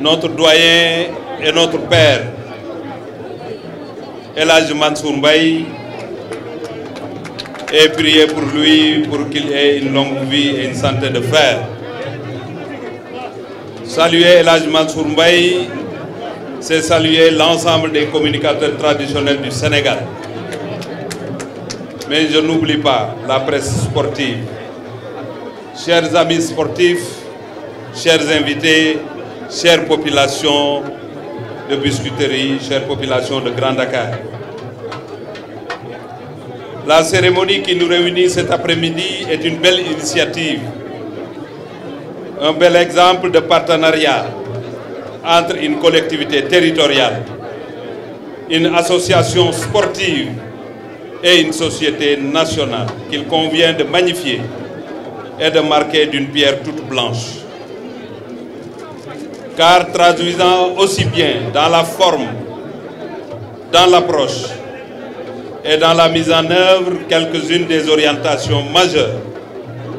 notre doyen et notre père, Elage Mansour Mbaye et prier pour lui pour qu'il ait une longue vie et une santé de fer. Saluer Elage Mansour Mbaye, c'est saluer l'ensemble des communicateurs traditionnels du Sénégal. Mais je n'oublie pas la presse sportive. Chers amis sportifs, chers invités, chers population de Biscuiterie, chère population de Grand Dakar. La cérémonie qui nous réunit cet après-midi est une belle initiative, un bel exemple de partenariat entre une collectivité territoriale, une association sportive et une société nationale qu'il convient de magnifier et de marquer d'une pierre toute blanche car traduisant aussi bien dans la forme, dans l'approche et dans la mise en œuvre quelques-unes des orientations majeures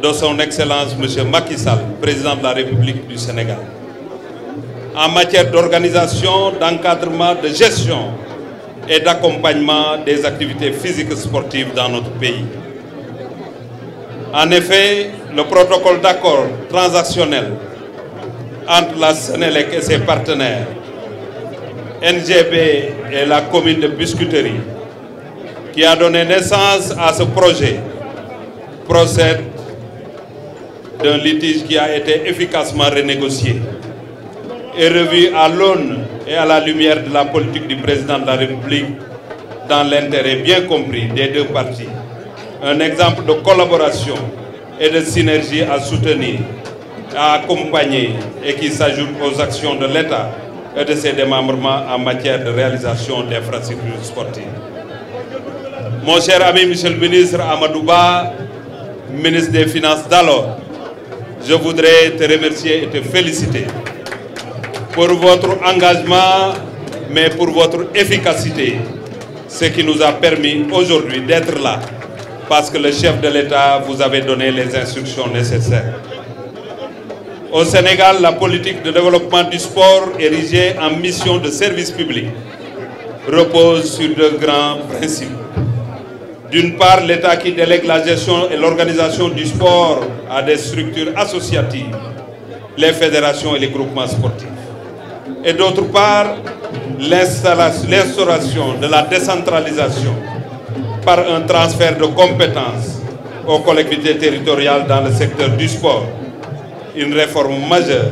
de son Excellence M. Macky Sall, président de la République du Sénégal. En matière d'organisation, d'encadrement, de gestion et d'accompagnement des activités physiques sportives dans notre pays. En effet, le protocole d'accord transactionnel entre la Sénélec et ses partenaires, NGB et la commune de Biscuterie, qui a donné naissance à ce projet, procède d'un litige qui a été efficacement renégocié et revu à l'aune et à la lumière de la politique du président de la République dans l'intérêt bien compris des deux parties. Un exemple de collaboration et de synergie à soutenir à accompagner et qui s'ajoute aux actions de l'État et de ses démembrements en matière de réalisation d'infrastructures sportives. Mon cher ami, monsieur le ministre Amadouba, ministre des Finances d'alors, je voudrais te remercier et te féliciter pour votre engagement, mais pour votre efficacité, ce qui nous a permis aujourd'hui d'être là, parce que le chef de l'État vous avait donné les instructions nécessaires. Au Sénégal, la politique de développement du sport érigée en mission de service public repose sur deux grands principes. D'une part, l'État qui délègue la gestion et l'organisation du sport à des structures associatives, les fédérations et les groupements sportifs. Et d'autre part, l'instauration de la décentralisation par un transfert de compétences aux collectivités territoriales dans le secteur du sport une réforme majeure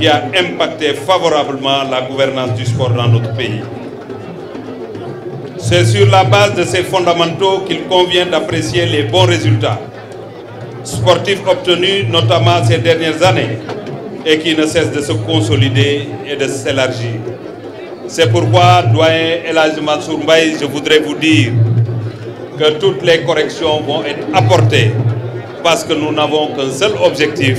qui a impacté favorablement la gouvernance du sport dans notre pays. C'est sur la base de ces fondamentaux qu'il convient d'apprécier les bons résultats sportifs obtenus notamment ces dernières années et qui ne cessent de se consolider et de s'élargir. C'est pourquoi, doyen Elage Mansour Mbaye, je voudrais vous dire que toutes les corrections vont être apportées parce que nous n'avons qu'un seul objectif,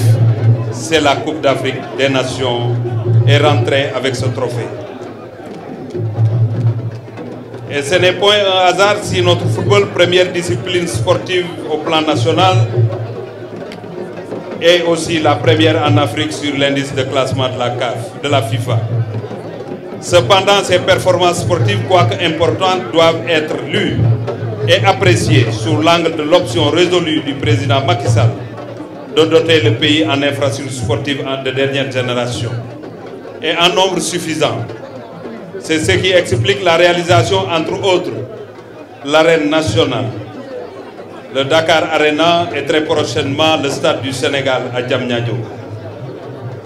c'est la Coupe d'Afrique des Nations et rentrer avec ce trophée. Et ce n'est point un hasard si notre football, première discipline sportive au plan national, est aussi la première en Afrique sur l'indice de classement de la CAF, de la FIFA. Cependant, ces performances sportives, quoique importantes, doivent être lues et appréciées sous l'angle de l'option résolue du président Macky Sall de doter le pays en infrastructures sportives hein, de dernière génération et en nombre suffisant. C'est ce qui explique la réalisation, entre autres, l'arène nationale, le Dakar Arena et très prochainement le stade du Sénégal à Djamnyadjo.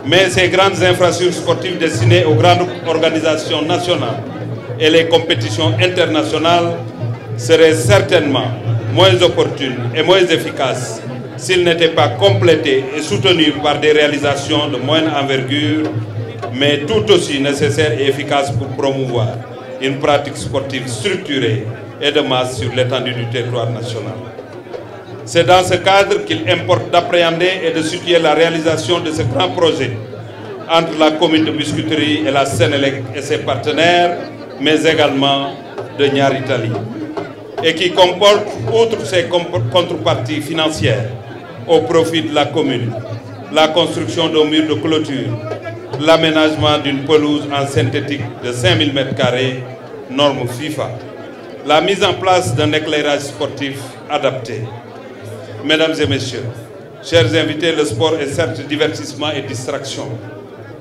Mais ces grandes infrastructures sportives destinées aux grandes organisations nationales et les compétitions internationales seraient certainement moins opportunes et moins efficaces s'il n'était pas complété et soutenu par des réalisations de moindre envergure, mais tout aussi nécessaires et efficaces pour promouvoir une pratique sportive structurée et de masse sur l'étendue du territoire national. C'est dans ce cadre qu'il importe d'appréhender et de soutenir la réalisation de ce grand projet entre la commune de Biscuiterie et la Sénélec et ses partenaires, mais également de Niar Italie, et qui comporte, outre ses contreparties financières, au profit de la commune, la construction d'un mur de clôture, l'aménagement d'une pelouse en synthétique de 5000 m2, norme FIFA, la mise en place d'un éclairage sportif adapté. Mesdames et messieurs, chers invités, le sport est certes divertissement et distraction,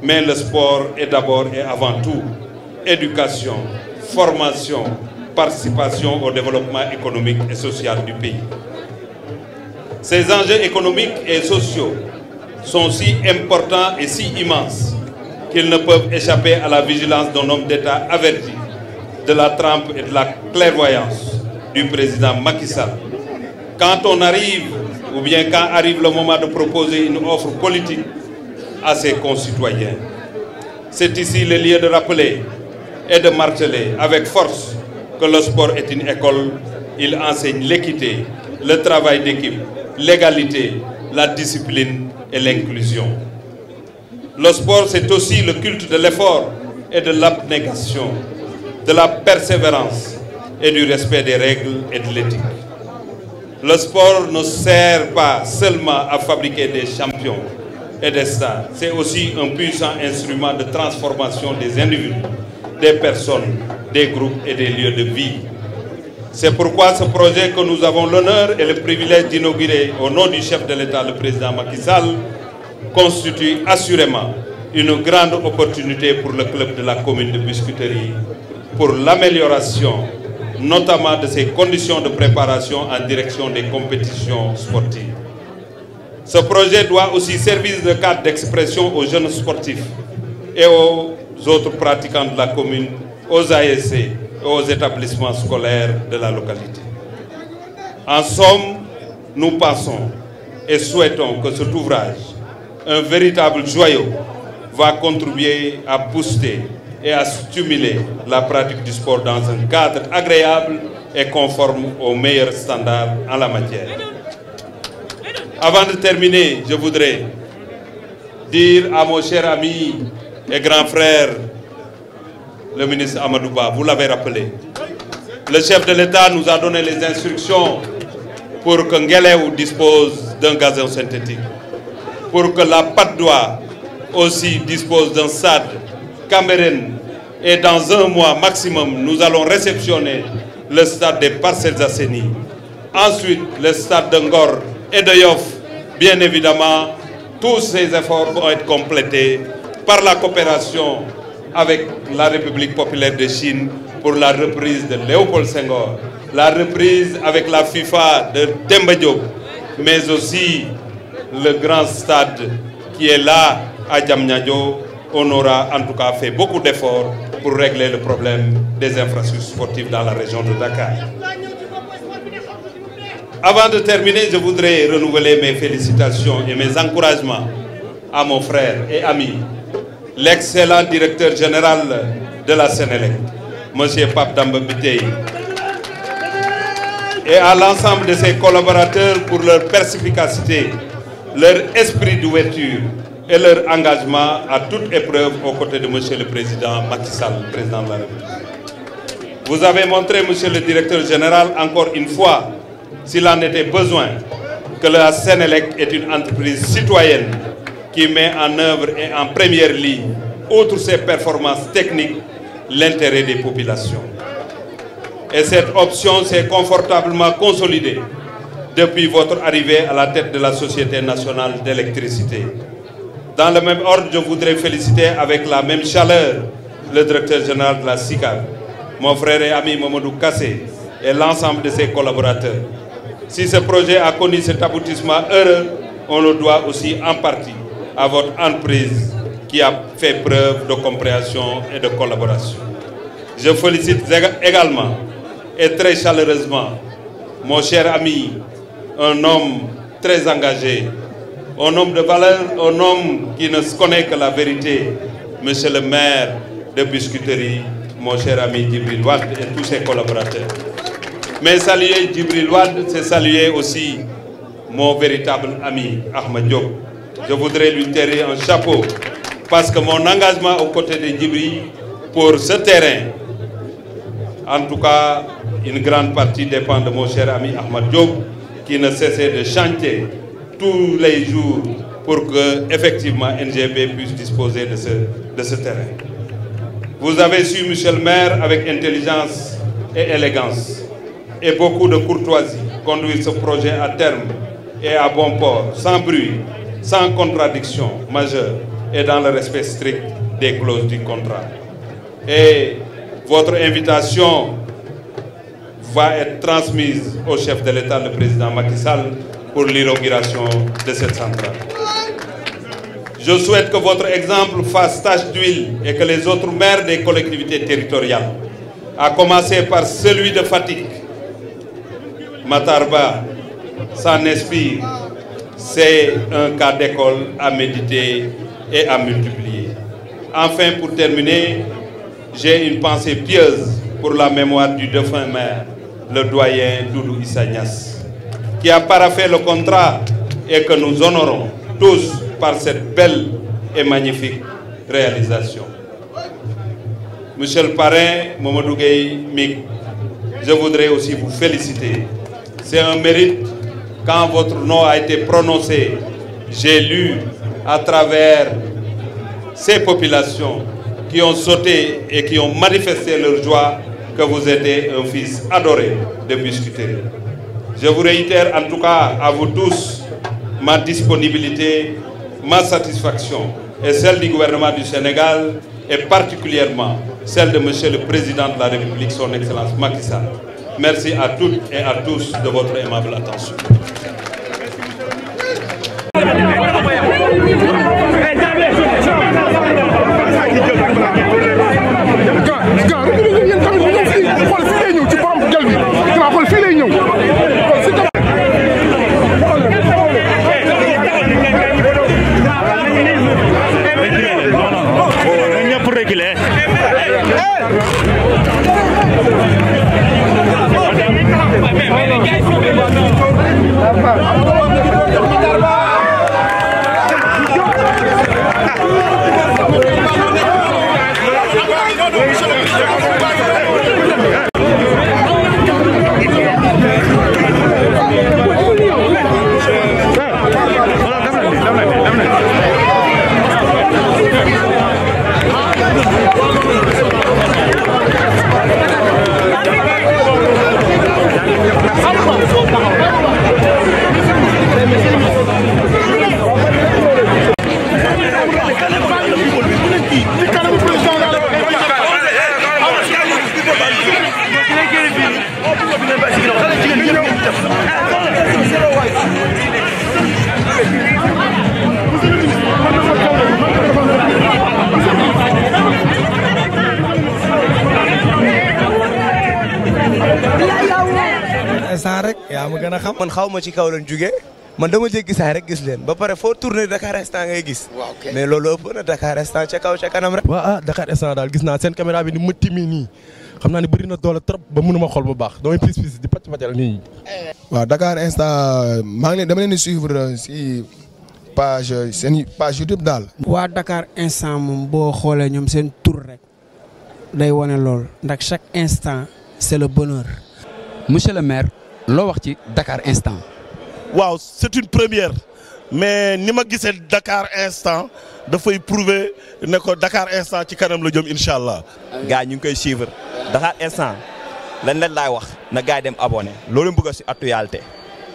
mais le sport est d'abord et avant tout éducation, formation, participation au développement économique et social du pays. Ces enjeux économiques et sociaux sont si importants et si immenses qu'ils ne peuvent échapper à la vigilance d'un homme d'État averti de la trempe et de la clairvoyance du président Macky Sall. Quand on arrive, ou bien quand arrive le moment de proposer une offre politique à ses concitoyens, c'est ici le lieu de rappeler et de marteler avec force que le sport est une école. Il enseigne l'équité, le travail d'équipe, l'égalité, la discipline et l'inclusion. Le sport, c'est aussi le culte de l'effort et de l'abnégation, de la persévérance et du respect des règles et de l'éthique. Le sport ne sert pas seulement à fabriquer des champions et des stars, c'est aussi un puissant instrument de transformation des individus, des personnes, des groupes et des lieux de vie c'est pourquoi ce projet que nous avons l'honneur et le privilège d'inaugurer au nom du chef de l'État, le président Macky Sall, constitue assurément une grande opportunité pour le club de la commune de Biscuterie, pour l'amélioration notamment de ses conditions de préparation en direction des compétitions sportives. Ce projet doit aussi servir de cadre d'expression aux jeunes sportifs et aux autres pratiquants de la commune, aux ASC, aux établissements scolaires de la localité. En somme, nous passons et souhaitons que cet ouvrage, un véritable joyau, va contribuer à booster et à stimuler la pratique du sport dans un cadre agréable et conforme aux meilleurs standards en la matière. Avant de terminer, je voudrais dire à mon cher ami et grand frère le ministre Amadouba, vous l'avez rappelé. Le chef de l'État nous a donné les instructions pour que Ngelew dispose d'un gazon synthétique, pour que la Padoua aussi dispose d'un SAD Cameroun. Et dans un mois maximum, nous allons réceptionner le stade des parcelles assainies. Ensuite, le stade d'Angor et de Yoff. Bien évidemment, tous ces efforts vont être complétés par la coopération avec la République populaire de Chine pour la reprise de Léopold Senghor, la reprise avec la FIFA de Demba Diop, mais aussi le grand stade qui est là à Djamnyadjo. On aura en tout cas fait beaucoup d'efforts pour régler le problème des infrastructures sportives dans la région de Dakar. Avant de terminer, je voudrais renouveler mes félicitations et mes encouragements à mon frère et ami l'excellent directeur général de la Sénélec, M. Pape Dambabitei, et à l'ensemble de ses collaborateurs pour leur perspicacité, leur esprit d'ouverture et leur engagement à toute épreuve aux côtés de M. le Président Macky Sall, Président de la République. Vous avez montré, Monsieur le Directeur Général, encore une fois, s'il en était besoin, que la Sénélec est une entreprise citoyenne qui met en œuvre et en première ligne, outre ses performances techniques, l'intérêt des populations. Et cette option s'est confortablement consolidée depuis votre arrivée à la tête de la Société nationale d'électricité. Dans le même ordre, je voudrais féliciter avec la même chaleur le directeur général de la SICA, mon frère et ami Momodou Kassé et l'ensemble de ses collaborateurs. Si ce projet a connu cet aboutissement heureux, on le doit aussi en partie à votre entreprise qui a fait preuve de compréhension et de collaboration. Je félicite également et très chaleureusement mon cher ami, un homme très engagé, un homme de valeur, un homme qui ne se connaît que la vérité, monsieur le maire de Biscuiterie, mon cher ami Djibril Wad et tous ses collaborateurs. Mais saluer Djibril Wad, c'est saluer aussi mon véritable ami Ahmed Diop, je voudrais lui tirer un chapeau. Parce que mon engagement aux côtés de Djibri pour ce terrain, en tout cas, une grande partie dépend de mon cher ami Ahmad Diop, qui ne cessait de chanter tous les jours pour que, effectivement, NGB puisse disposer de ce, de ce terrain. Vous avez su, monsieur le maire, avec intelligence et élégance, et beaucoup de courtoisie, conduire ce projet à terme et à bon port, sans bruit, sans contradiction majeure et dans le respect strict des clauses du contrat. Et votre invitation va être transmise au chef de l'État, le président Macky Sall, pour l'inauguration de cette centrale. Je souhaite que votre exemple fasse tache d'huile et que les autres maires des collectivités territoriales, à commencer par celui de Fatik, Matarba, s'en inspirent c'est un cas d'école à méditer et à multiplier. Enfin, pour terminer, j'ai une pensée pieuse pour la mémoire du défunt maire, le doyen Doudou Issagnas, qui a paraffé le contrat et que nous honorons tous par cette belle et magnifique réalisation. Monsieur le parrain Momodou Gueye je voudrais aussi vous féliciter. C'est un mérite quand votre nom a été prononcé, j'ai lu à travers ces populations qui ont sauté et qui ont manifesté leur joie que vous étiez un fils adoré de Biscuiterie. Je vous réitère en tout cas à vous tous ma disponibilité, ma satisfaction et celle du gouvernement du Sénégal et particulièrement celle de M. le Président de la République, son Excellence Macky Merci à toutes et à tous de votre aimable attention. Come on. man ci kaw lañ man dama rek gis len ba paré fo tourner Dakar instant ngay gis. mais Dakar instant ci kaw kanam rek. Ah, Dakar gis caméra bi ni trop ba mënuma bu baax di Dakar dama suivre si page page YouTube dal Dakar instant bo xolé sen tour rek day chaque instant c'est le bonheur. monsieur le maire loo wax ci Dakar instant. waaw c'est une première mais ni ma Dakar instant dafay prouver ne ko Dakar instant ci kanam la jëm inshallah. allah. gars ñu ngi koy suivre Dakar instant lan leen laay wax na gars yi dem abonné loolu bëgg si actualité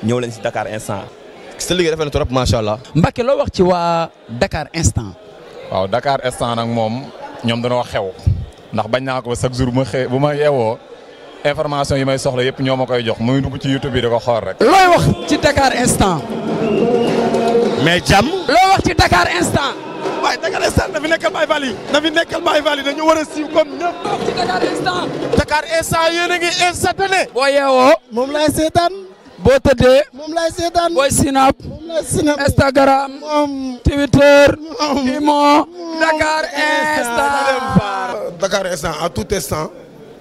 ñëw leen si Dakar instant. sa liggéey rafet na trop macha allah. Mbacke loo wax ci waa Dakar instant. waaw Dakar instant nag moom ñoom dañoo xew ndax bañ naa ko chaque jour bu ma xee bu information yi may soxla yëpp ñoo ma koy jox muy dugg ci YouTube bi da ko xool rek. looy wax ci Dakar instant. mais jàmm. loo wax ci Dakar instant. Dakar instant dafi nekkal Baye Fall yi. dafi nekkal Baye Fall yi dañu war a Dakar instant. Dakar Twitter. Dakar instant. Dakar instant à instant.